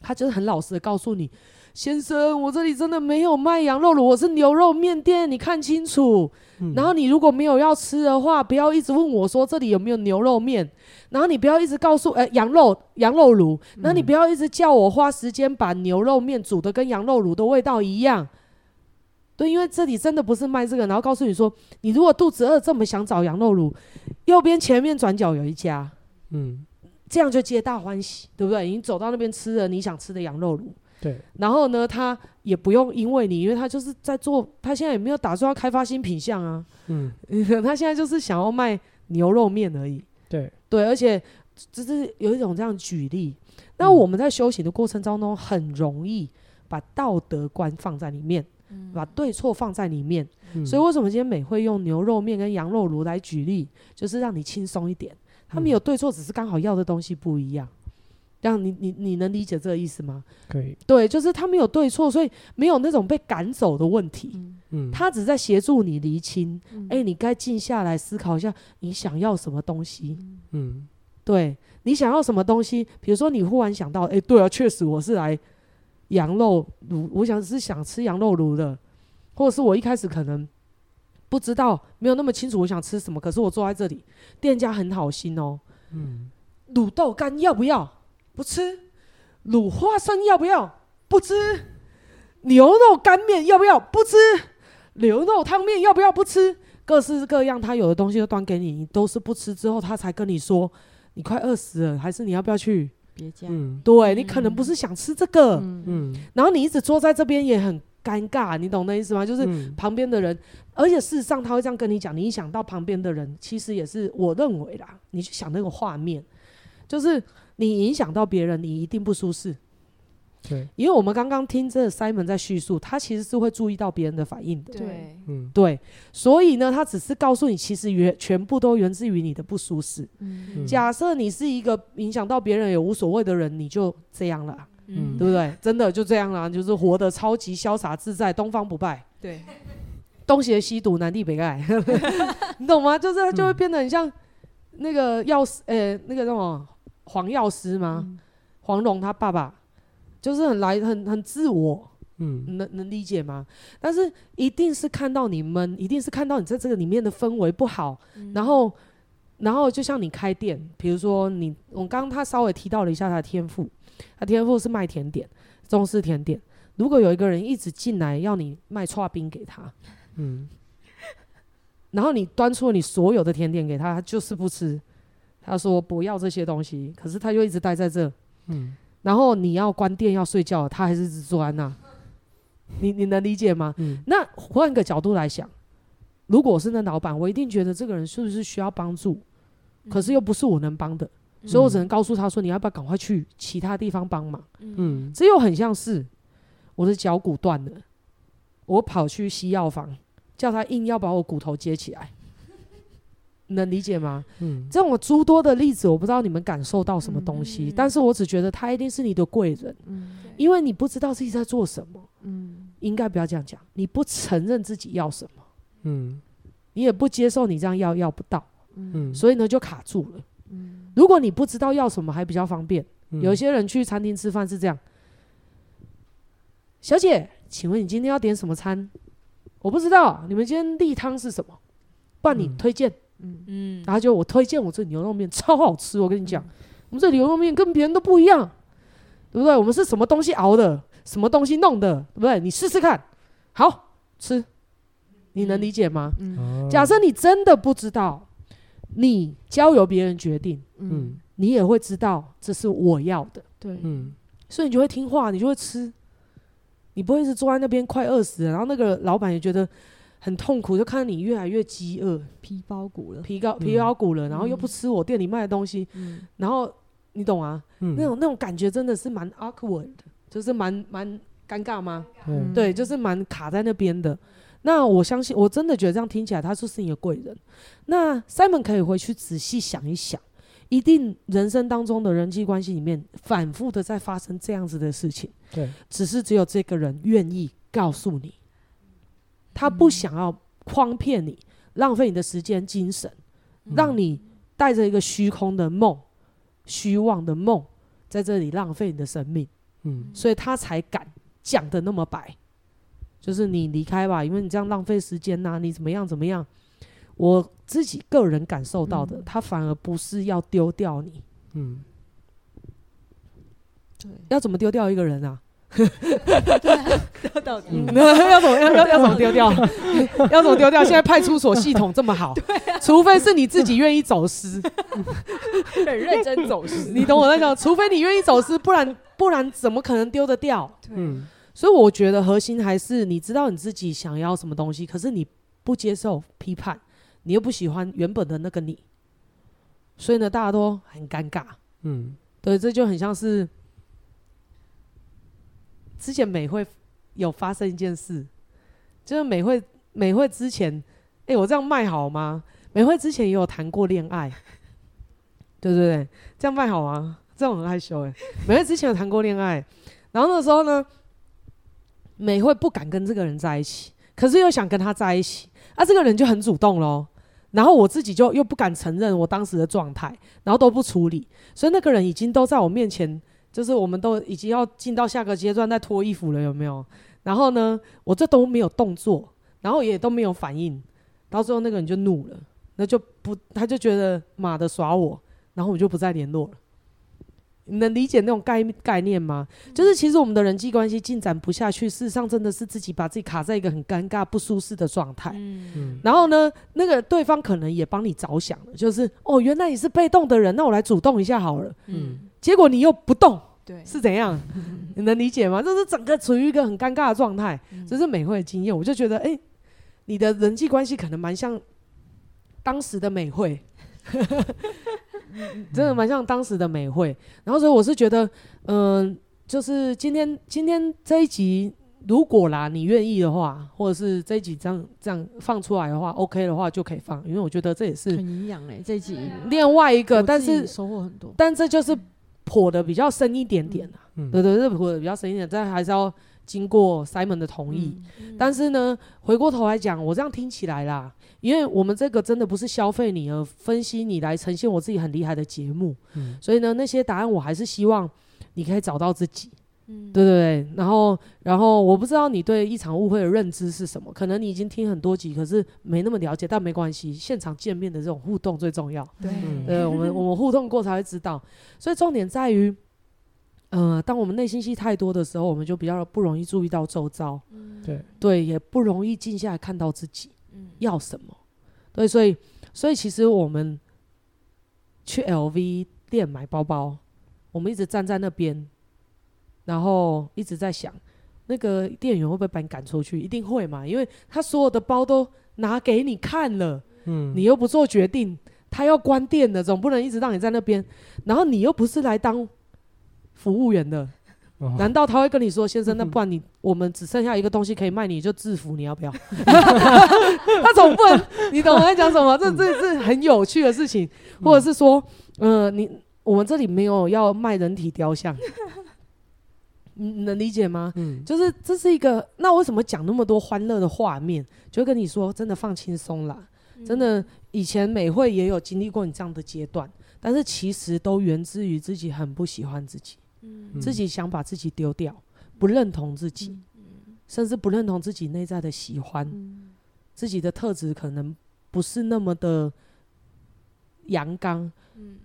她就是很老實的告訴你。先生，我這裡真的沒有賣羊肉爐，我是牛肉麵店。你看清楚。嗯、然後你如果沒有要吃的話，不要一直問我說這裡有沒有牛肉麵。然後你不要一直告訴哎、欸、羊肉羊肉爐，嗯、然後你不要一直叫我花時間把牛肉麵煮的跟羊肉爐的味道一樣。對，因為這裡真的不是賣這個。然後告訴你說，你如果肚子餓這麼想找羊肉爐，右邊前面轉角有一家。嗯，這樣就皆大歡喜，對不對？你走到那邊吃了你想吃的羊肉爐。對，然後呢，他也不用因為你，因為他就是在做，他現在也沒有打算要開發新品項啊。嗯，嗯，他現在就是想要賣牛肉面而已。對對，而且這是有一種這樣舉例。嗯、那我們在修行的過程當中，很容易把道德觀放在裡面，嗯、把對錯放在裡面。嗯、所以為什麼今天美會用牛肉麵跟羊肉爐來舉例，就是讓你輕鬆一點。他們有對錯，只是剛好要的東西不一樣。這樣你你你能理解這個意思嗎？可以，對，就是他沒有對錯，所以沒有那種被趕走的問題。嗯，他只在協助你釐清。誒、嗯，欸，你該靜下來思考一下你、嗯，你想要什麼東西？嗯，對，你想要什麼東西？比如說，你忽然想到，誒、欸，對啊，確實我是來羊肉爐，我想是想吃羊肉爐的，或者是我一開始可能不知道，沒有那麼清楚我想吃什麼。可是我坐在這裡，店家很好心哦、喔。嗯，滷豆干要不要？不吃，滷花生要不要？不吃，牛肉乾麵要不要？不吃，牛肉湯麵要不要？不吃，各式各樣，他有的東西都端給你，你都是不吃之後，他才跟你說你快餓死了，還是你要不要去別家，嗯，對，你可能不是想吃這個，嗯，然後你一直坐在這邊也很尷尬，你懂那意思嗎？就是旁邊的人，而且事實上他會這樣跟你講，你一想到旁邊的人，其實也是我認為啦，你去想那個畫面，就是。你影響到別人，你一定不舒適。對，因為我們剛剛聽這 Simon 在敘述，他其實是會注意到別人的反應的。對，對嗯，對，所以呢，他只是告訴你，其實原全部都源自於你的不舒適。嗯、假設你是一個影響到別人也無所謂的人，你就這樣了，嗯，對不對？真的就這樣了。就是活得超級瀟灑自在，東方不敗。對。 <laughs> 東邪西毒，南帝北丐， <laughs> <laughs> <laughs> 你懂嗎？就是他就會變得很像那個要呃、嗯欸、那個那種。黃藥師嗎？嗯、黃蓉他爸爸，就是很來很很自我，嗯，能能理解嗎？但是一定是看到你們，一定是看到你在這個裡面的氛圍不好，嗯、然後，然後就像你開店，嗯、比如說你，我剛剛他稍微提到了一下他的天賦，他天賦是賣甜點，中式甜點。如果有一個人一直進來要你賣剉冰給他，嗯， <laughs> 然後你端出了你所有的甜點給他，他就是不吃。嗯他說：“不要這些東西。”可是他就一直待在這。嗯。然後你要關店要睡覺，他還是一直鑽吶啊。你你能理解嗎？嗯。那換個角度來想，如果我是那老闆，我一定覺得這個人是不是需要幫助？嗯。可是又不是我能幫的，嗯。所以我只能告訴他說：“你要不要趕快去其他地方幫忙？”嗯。這又很像是我的腳骨斷了，我跑去西藥房，叫他硬要把我骨頭接起來。能理解嗎？嗯，這種諸多的例子，我不知道你們感受到什麼東西，但是我只覺得他一定是你的貴人，因為你不知道自己在做什麼，嗯，應該不要這樣講，你不承認自己要什麼，嗯，你也不接受你這樣要要不到，嗯，所以呢就卡住了，嗯，如果你不知道要什麼還比較方便，有些人去餐廳吃飯是這樣，小姐，請問你今天要點什麼餐？我不知道，你們今天例湯是什麼？幫你推薦。嗯嗯，然後就我推薦我這牛肉麵超好吃，我跟你講，嗯、我們這牛肉麵跟別人都不一樣，對不對？我們是什麼東西熬的，什麼東西弄的，對不對？你試試看，好吃，你能理解嗎？嗯嗯、假設你真的不知道，你交由別人決定，嗯，嗯，你也會知道這是我要的，對，嗯，所以你就會聽話，你就會吃，你不會是坐在那邊快餓死了，然後那個老闆也覺得。很痛苦，就看到你越來越飢餓，皮包骨了，皮皮包骨了，嗯、然後又不吃我店裡賣的東西，嗯、然後你懂啊？嗯、那種那種感覺真的是蠻 awkward，就是蠻蠻尷尬嗎？尬對，就是蠻卡在那邊的。那我相信，我真的覺得這樣聽起來，他就是你的貴人。那 Simon 可以回去仔細想一想，一定人生當中的人際關係裡面，反覆的在發生這樣子的事情。對，只是只有這個人願意告訴你。他不想要誆騙你，嗯、浪費你的時間、精神，嗯、讓你帶着一個虛空的夢、虛妄的夢，在這裡浪費你的生命。嗯、所以他才敢講得那麼白，就是你離開吧，因為你這樣浪費時間吶、啊，你怎麼樣怎麼樣？我自己個人感受到的，嗯、他反而不是要丟掉你。嗯，要怎麼丟掉一個人啊？ <laughs> <laughs> 對、啊，要到底，要怎麼要 <laughs> 要怎麼丟掉？ <laughs> 啊、 <laughs> 要怎麼丟掉？現在派出所系統這麼好， <laughs> 啊、除非是你自己願意走失， <laughs> <laughs> 很認真走失， <laughs> 你懂我在講。除非你願意走失，不然不然怎麼可能丟得掉？對嗯，所以我覺得核心還是你知道你自己想要什麼東西，可是你不接受批判，你又不喜歡原本的那個你，所以呢，大家都很尷尬。嗯，對，這就很像是。之前美會有發生一件事，就是美會美會之前，哎、欸，我這樣賣好嗎？美會之前也有談過戀愛，對對對，這樣賣好嗎？這樣很害羞哎、欸。 <laughs> 美會之前有談過戀愛，然後那時候呢，美會不敢跟這個人在一起，可是又想跟他在一起，啊，這個人就很主動嘍。然後我自己就又不敢承認我當時的狀態，然後都不處理，所以那個人已經都在我面前。就是我們都已經要進到下個階段，再脫衣服了，有沒有？然後呢，我這都沒有動作，然後也都沒有反應，到最後那個人就怒了，那就不，他就覺得媽的耍我，然後我就不再聯絡了。你能理解那種概概念嗎？嗯、就是其實我們的人際關係進展不下去，嗯、事實上真的是自己把自己卡在一個很尷尬、不舒適的狀態。嗯然後呢，那個對方可能也幫你着想了，就是哦，原來你是被動的人，那我來主動一下好了。嗯。結果你又不動，對，是怎樣？嗯、你能理解嗎？就是整個處於一個很尷尬的狀態。這、嗯、是美會的經驗，我就覺得哎、欸，你的人際關係可能蠻像當時的美會。 <laughs> <laughs> 真的蠻像當時的美會，然後所以我是覺得，嗯，就是今天今天這一集，如果啦你願意的話，或者是這一集這，這樣放出來的話，OK 的話就可以放，因為我覺得這也是很營養誒，這集另外一個，但是收穫很多，但這就是破的比較深一點點啊，對對，對，這破的比較深一點，但還是要。經過 Simon 的同意，嗯嗯、但是呢，回過頭來講，我這樣聽起來啦，因為我們這個真的不是消費你，而分析你來呈現我自己很厲害的節目，嗯、所以呢，那些答案我還是希望你可以找到自己，嗯，對對對。然後，然後我不知道你對一場誤會的認知是什麼，可能你已經聽很多集，可是沒那麼了解，但沒關係，現場見面的這種互動最重要。對，我們我們互動過才會知道，所以重點在於。嗯、呃，當我們內心戲太多的時候，我們就比較不容易注意到周遭，嗯、對，對，也不容易靜下來看到自己、嗯、要什麼，對，所以所以其實我們去 LV 店買包包，我們一直站在那邊，然後一直在想，那個店員會不會把你趕出去？一定會嘛？因為他所有的包都拿給你看了，嗯，你又不做決定，他要關店的，總不能一直讓你在那邊，然後你又不是來當。服務員的，難道他會跟你說：“先生，那不然你、嗯、哼我們只剩下一個東西可以賣，你就制服，你要不要？” <laughs> <laughs> 他總不能？ <laughs> 你懂我 <laughs> 在講什麼？這這是很有趣的事情，或者是說，嗯，呃、你我們這裡沒有要賣人體雕像， <laughs> 你能理解嗎？嗯、就是這是一個。那為什麼講那麼多歡樂的畫面？就跟你說，真的放輕鬆啦，真的、嗯、以前美會也有經歷過你這樣的階段，但是其實都源自於自己很不喜歡自己。嗯、自己想把自己丟掉，嗯、不認同自己，嗯嗯、甚至不認同自己內在的喜歡，嗯、自己的特質可能不是那麼的陽剛、嗯。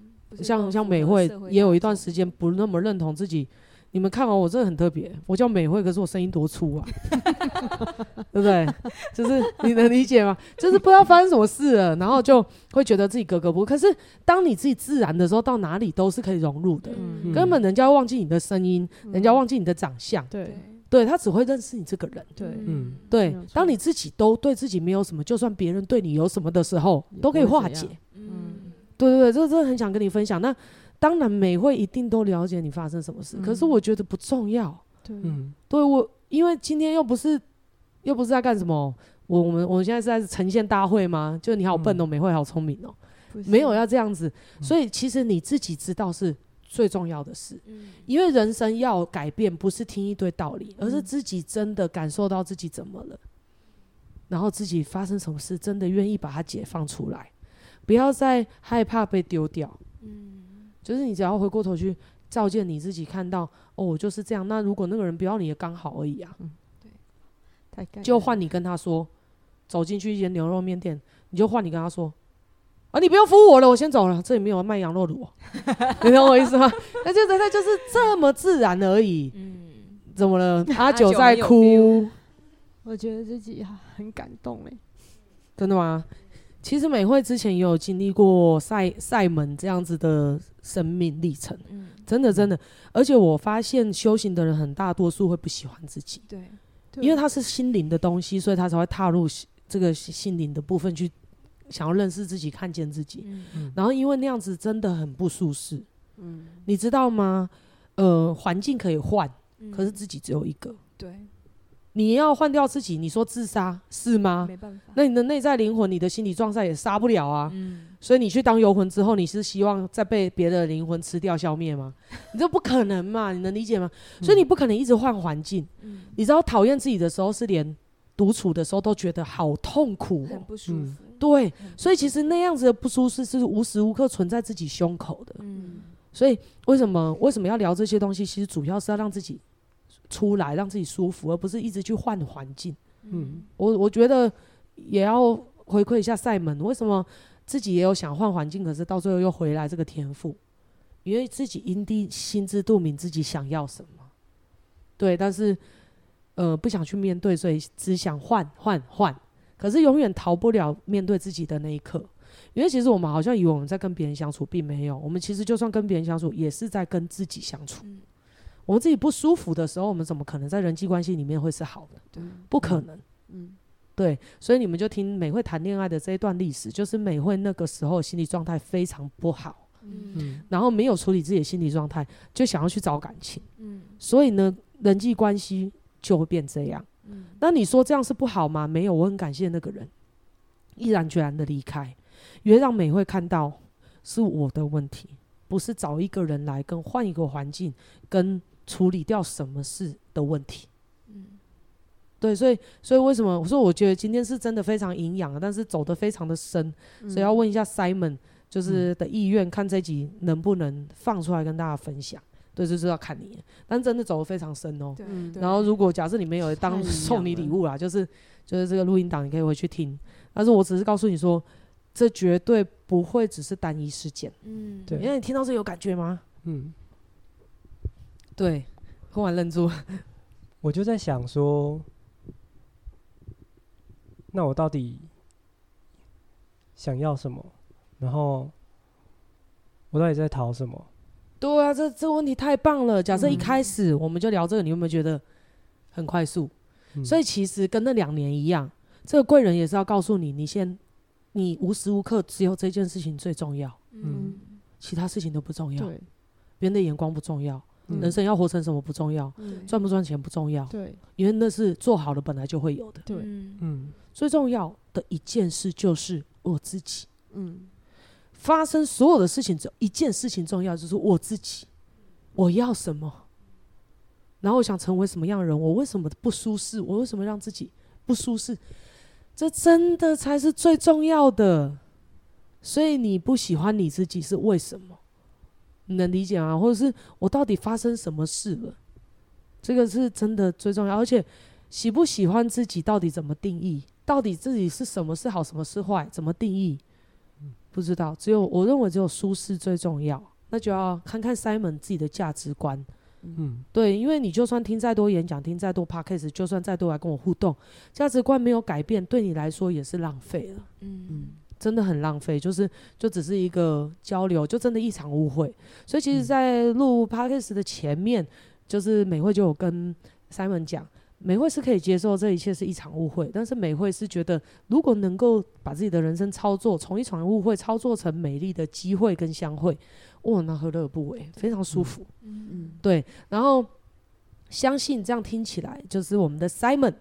像像美會也有一段時間不那麼認同自己。嗯、你們看完、喔、我真的很特別，我叫美會，可是我聲音多粗啊！ <laughs> <laughs> 對不對？就是你能理解嗎？就是不知道發生什麼事了，然後就會覺得自己格格不入。可是當你自己自然的時候，到哪裡都是可以融入的。根本人家忘記你的聲音，人家忘記你的長相。對對，他只會認識你這個人。對，嗯，對。當你自己都對自己沒有什麼，就算別人對你有什麼的時候，都可以化解。嗯，對對對，這真的很想跟你分享。那當然，美會一定都了解你發生什麼事，可是我覺得不重要。對，嗯，對我，因為今天又不是。又不是在幹什麼？我我們我們現在是在呈現大會嗎？就你好笨哦，美、嗯、會好聰明哦，是沒有要這樣子。所以其實你自己知道是最重要的事，嗯、因為人生要改變，不是聽一堆道理，嗯、而是自己真的感受到自己怎麼了，然後自己發生什麼事，真的願意把它解放出來，不要再害怕被丟掉，嗯，就是你只要回過頭去照見你自己，看到哦，我就是這樣。那如果那個人不要你，也剛好而已啊。嗯就換你跟他說，走進去一間牛肉麵店，你就換你跟他說，啊，你不用扶我了，我先走了，這裡沒有賣羊肉爐、啊、 <laughs> 你懂我意思嗎？那 <laughs> 就真的就是這麼自然而已，嗯，怎麼了？阿九在哭九，我覺得自己很感動哎、欸，真的嗎？嗯、其實美會之前也有經歷過賽賽門這樣子的生命歷程，嗯、真的真的，而且我發現修行的人很大多數會不喜歡自己，對。因為它是心靈的東西，所以它才會踏入這個心靈的部分去，想要認識自己、看見自己。嗯嗯、然後因為那樣子真的很不舒適，嗯、你知道嗎？呃，環境可以換，可是自己只有一個。嗯、對、你要換掉自己，你說自殺是嗎？沒辦法。那你的內在靈魂、你的心理狀態也殺不了啊。嗯所以你去當遊魂之後，你是希望再被別的靈魂吃掉消滅嗎？ <laughs> 你這不可能嘛？你能理解嗎？嗯、所以你不可能一直換環境。嗯、你知道討厭自己的時候，是連獨處的時候都覺得好痛苦，喔，很不舒服。嗯、對，嗯、所以其實那樣子的不舒適是無時無刻存在自己胸口的。嗯、所以為什麼為什麼要聊這些東西？其實主要是要讓自己出來，讓自己舒服，而不是一直去換環境。嗯，我我覺得也要回饋一下賽門，為什麼？自己也有想換環境，可是到最後又回來。這個天賦，因為自己因地心知肚明自己想要什麼，對，但是呃不想去面對，所以只想換換換。可是永遠逃不了面對自己的那一刻，因為其實我們好像以為我們在跟別人相處，並沒有。我們其實就算跟別人相處，也是在跟自己相處。嗯、我們自己不舒服的時候，我們怎麼可能在人際關係裡面會是好的？對、嗯，不可能。嗯。嗯對，所以你們就聽美會談戀愛的這一段歷史，就是美會那個時候心理狀態非常不好，嗯，然後沒有處理自己的心理狀態，就想要去找感情，嗯，所以呢，人際關係就會變這樣，嗯，那你說這樣是不好嗎？沒有，我很感謝那個人，毅然決然的離開，也讓美會看到是我的問題，不是找一個人來跟換一個環境跟處理掉什麼事的問題。對，所以所以為什麼？我說，我覺得今天是真的非常營養啊，但是走的非常的深，嗯、所以要問一下 Simon，就是的意願，嗯、看這集能不能放出來跟大家分享。對，就是要看你，但真的走的非常深哦、喔。對然後如果假設你沒有當送你禮物啦，就是就是這個錄音檔，你可以回去聽。但是我只是告訴你說，這絕對不會只是單一事件。嗯，對。因為你聽到這有感覺嗎？嗯。對，忽然愣住了。我就在想說。那我到底想要什麼？然後我到底在逃什麼？對啊，這這問題太棒了！假設一開始我們就聊這個，你有沒有覺得很快速？嗯、所以其實跟那兩年一樣，這個貴人也是要告訴你，你先，你無時無刻只有這件事情最重要，嗯，其他事情都不重要。對，別人的眼光不重要，嗯、人生要活成什麼不重要，賺對不賺錢不重要，對，因為那是做好了本來就會有的。對，嗯。最重要的一件事就是我自己。嗯，發生所有的事情，只有一件事情重要，就是我自己。嗯，我要什麼？然後我想成為什麼樣的人？我為什麼不舒適？我為什麼讓自己不舒適？這真的才是最重要的。所以你不喜歡你自己是為什麼？你能理解嗎？啊？或者是我到底發生什麼事了？這個是真的最重要。而且喜不喜歡自己到底怎麼定義？到底自己是什麼，是好，什麼是壞？怎麼定義？嗯、不知道，只有我認為只有舒適最重要。那就要看看 Simon 自己的價值觀。嗯，對，因為你就算聽再多演講，聽再多 podcast，就算再多來跟我互動，價值觀沒有改變，對你來說也是浪費了。嗯，真的很浪費，就是就只是一個交流，就真的一場誤會。所以其實，在錄 podcast 的前面，嗯、就是美會就有跟 Simon 講。美會是可以接受這一切是一場誤會，但是美會是覺得，如果能夠把自己的人生操作從一場誤會操作成美麗的機會跟相會，哇，那何樂而不為？非常舒服。嗯嗯。對，然後相信這樣聽起來，就是我們的 Simon，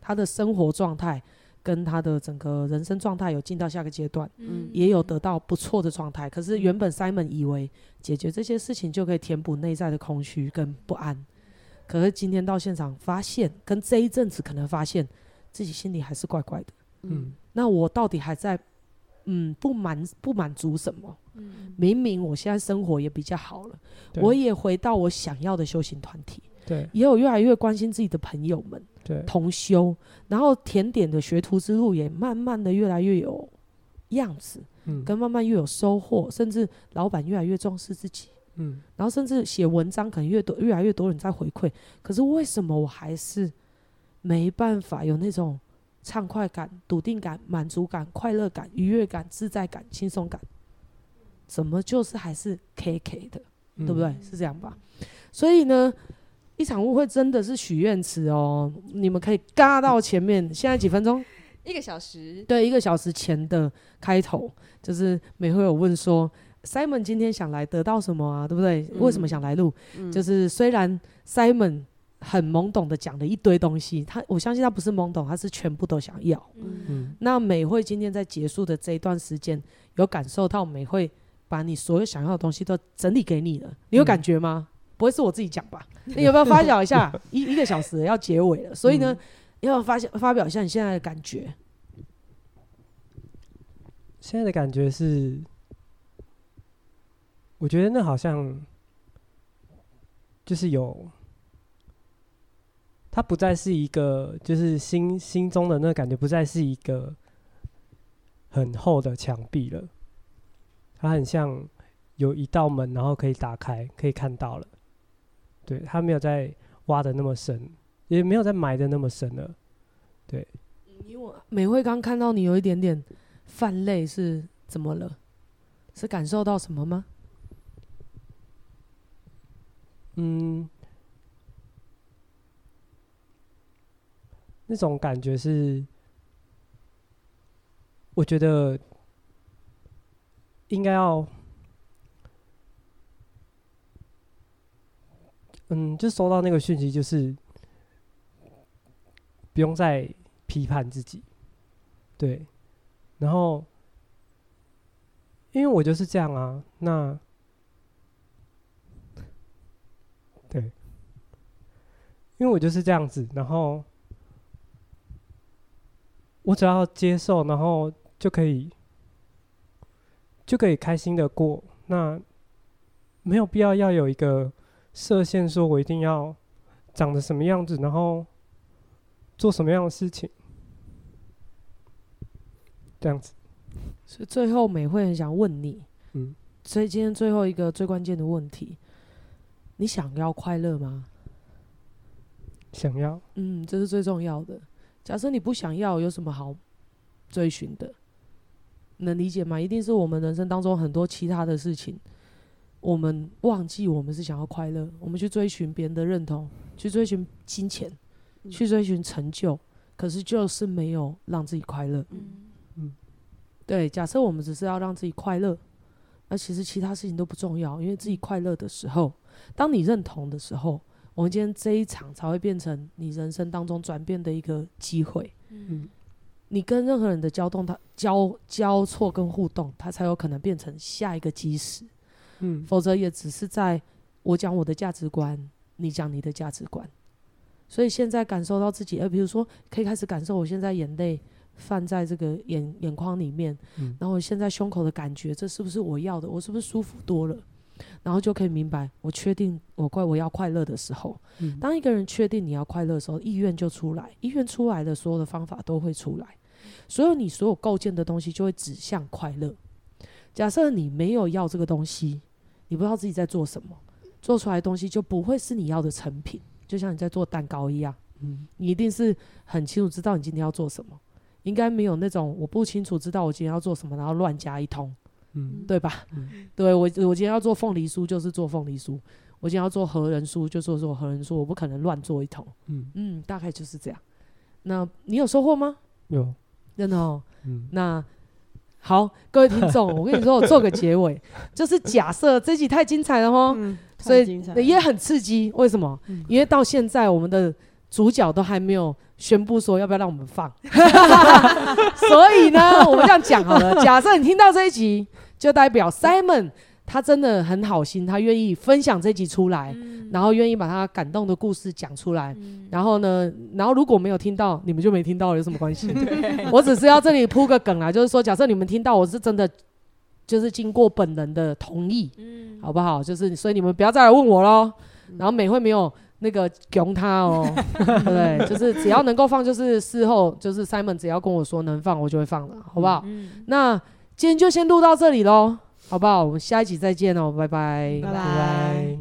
他的生活狀態跟他的整個人生狀態有進到下個階段，嗯，也有得到不錯的狀態。可是原本 Simon 以為解決這些事情就可以填補內在的空虛跟不安。可是今天到現場發現，跟這一陣子可能發現，自己心裡還是怪怪的。嗯，那我到底還在，嗯，不滿不滿足什麼？嗯，明明我現在生活也比較好了，對，我也回到我想要的修行團體。對，也有越來越關心自己的朋友們。對，同修，然後甜點的學徒之路也慢慢的越來越有樣子，嗯，跟慢慢又有收穫，甚至老闆越來越重視自己。嗯，然後甚至寫文章，可能越多，越來越多人在回饋。可是為什麼我還是沒辦法有那種暢快感、篤定感、滿足感、快樂感、愉悅感、自在感、輕鬆感？怎麼就是還是 KK 的，嗯、對不對？是這樣吧？嗯、所以呢，一場誤會真的是許願池哦。你們可以尬到前面，嗯、現在幾分鐘？一個小時。對，一個小時前的開頭，就是美會有問說。Simon 今天想來得到什麼啊？對不對？嗯、為什麼想來錄？嗯、就是雖然 Simon 很懵懂的講了一堆東西，他我相信他不是懵懂，他是全部都想要。嗯。那美會今天在結束的這一段時間，有感受到美會把你所有想要的東西都整理給你了，你有感覺嗎？嗯、不會是我自己講吧？ <laughs> 你有沒有發表一下？ <laughs> 一一個小時要結尾了，所以呢，嗯、要發現發表一下你現在的感覺。現在的感覺是。我覺得那好像，就是有，它不再是一個，就是心心中的那個感覺，不再是一個很厚的牆壁了。它很像有一道門，然後可以打開，可以看到了。對，它沒有在挖的那麼深，也沒有在埋的那麼深了。對。因為我美會剛看到你有一點點泛淚，是怎麼了？是感受到什麼嗎？嗯，那種感覺是，我覺得應該要，嗯，就收到那個訊息，就是不用再批判自己，對，然後因為我就是這樣啊，那。因為我就是這樣子，然後我只要接受，然後就可以就可以開心的過。那沒有必要要有一個設限，說我一定要長得什麼樣子，然後做什麼樣的事情，這樣子。所以最後，美會很想問你，嗯，所以今天最後一個最關鍵的問題，你想要快樂嗎？想要。嗯，這是最重要的。假設你不想要，有什麼好追尋的？能理解嗎？一定是我們人生當中很多其他的事情，我們忘記我們是想要快樂，我們去追尋別人的認同，去追尋金錢，嗯、去追尋成就，可是就是沒有讓自己快樂。嗯，對。假設我們只是要讓自己快樂，那其實其他事情都不重要，因為自己快樂的時候，當你認同的時候。我們今天這一場才會變成你人生當中轉變的一個機會。嗯，你跟任何人的交動，它交交錯跟互動，它才有可能變成下一個基石。嗯，否則也只是在我講我的價值觀，你講你的價值觀。所以現在感受到自己，哎，比如說可以開始感受我現在眼淚泛在這個眼眼眶裡面，嗯，然後我現在胸口的感覺，這是不是我要的？我是不是舒服多了？然後就可以明白，我確定我快我要快樂的時候，嗯、當一個人確定你要快樂的時候，意願就出來，意願出來的所有的方法都會出來，嗯、所有你所有構建的東西就會指向快樂。假設你沒有要這個東西，你不知道自己在做什麼，做出來的東西就不會是你要的成品。就像你在做蛋糕一樣，嗯、你一定是很清楚知道你今天要做什麼，應該沒有那種我不清楚知道我今天要做什麼，然後亂加一通。嗯、對吧？嗯、對我，我今天要做鳳梨酥，就是做鳳梨酥；我今天要做核仁酥，就做做核仁酥。我不可能亂做一通。嗯嗯，大概就是這樣。那你有收穫嗎？有、嗯，真的哦、喔。嗯，那好，各位聽眾， <laughs> 我跟你說，我做個結尾，就是假設這集太精彩了哈，嗯、了所以也很刺激。為什麼？嗯、因為到現在我們的主角都還沒有宣布說要不要讓我們放。 <laughs> <laughs> <laughs> 所以呢，我們這樣講好了。假設你聽到這一集。就代表 Simon、嗯、他真的很好心，他願意分享這集出來，嗯、然後願意把他感動的故事講出來。嗯、然後呢，然後如果沒有聽到，你們就沒聽到，有什麼關係？對 <laughs> 我只是要這裡鋪個梗啦，就是說，假設你們聽到，我是真的，就是經過本人的同意，嗯、好不好？就是所以你們不要再來問我嘍。嗯、然後美會沒有那個窘他哦， <laughs> <laughs> 對,對，就是只要能夠放，就是事後就是 Simon 只要跟我說能放，我就會放了，哦、好不好？嗯、那。今天就先錄到這裡嘍，好不好？我們下一集再見哦，拜拜，拜拜。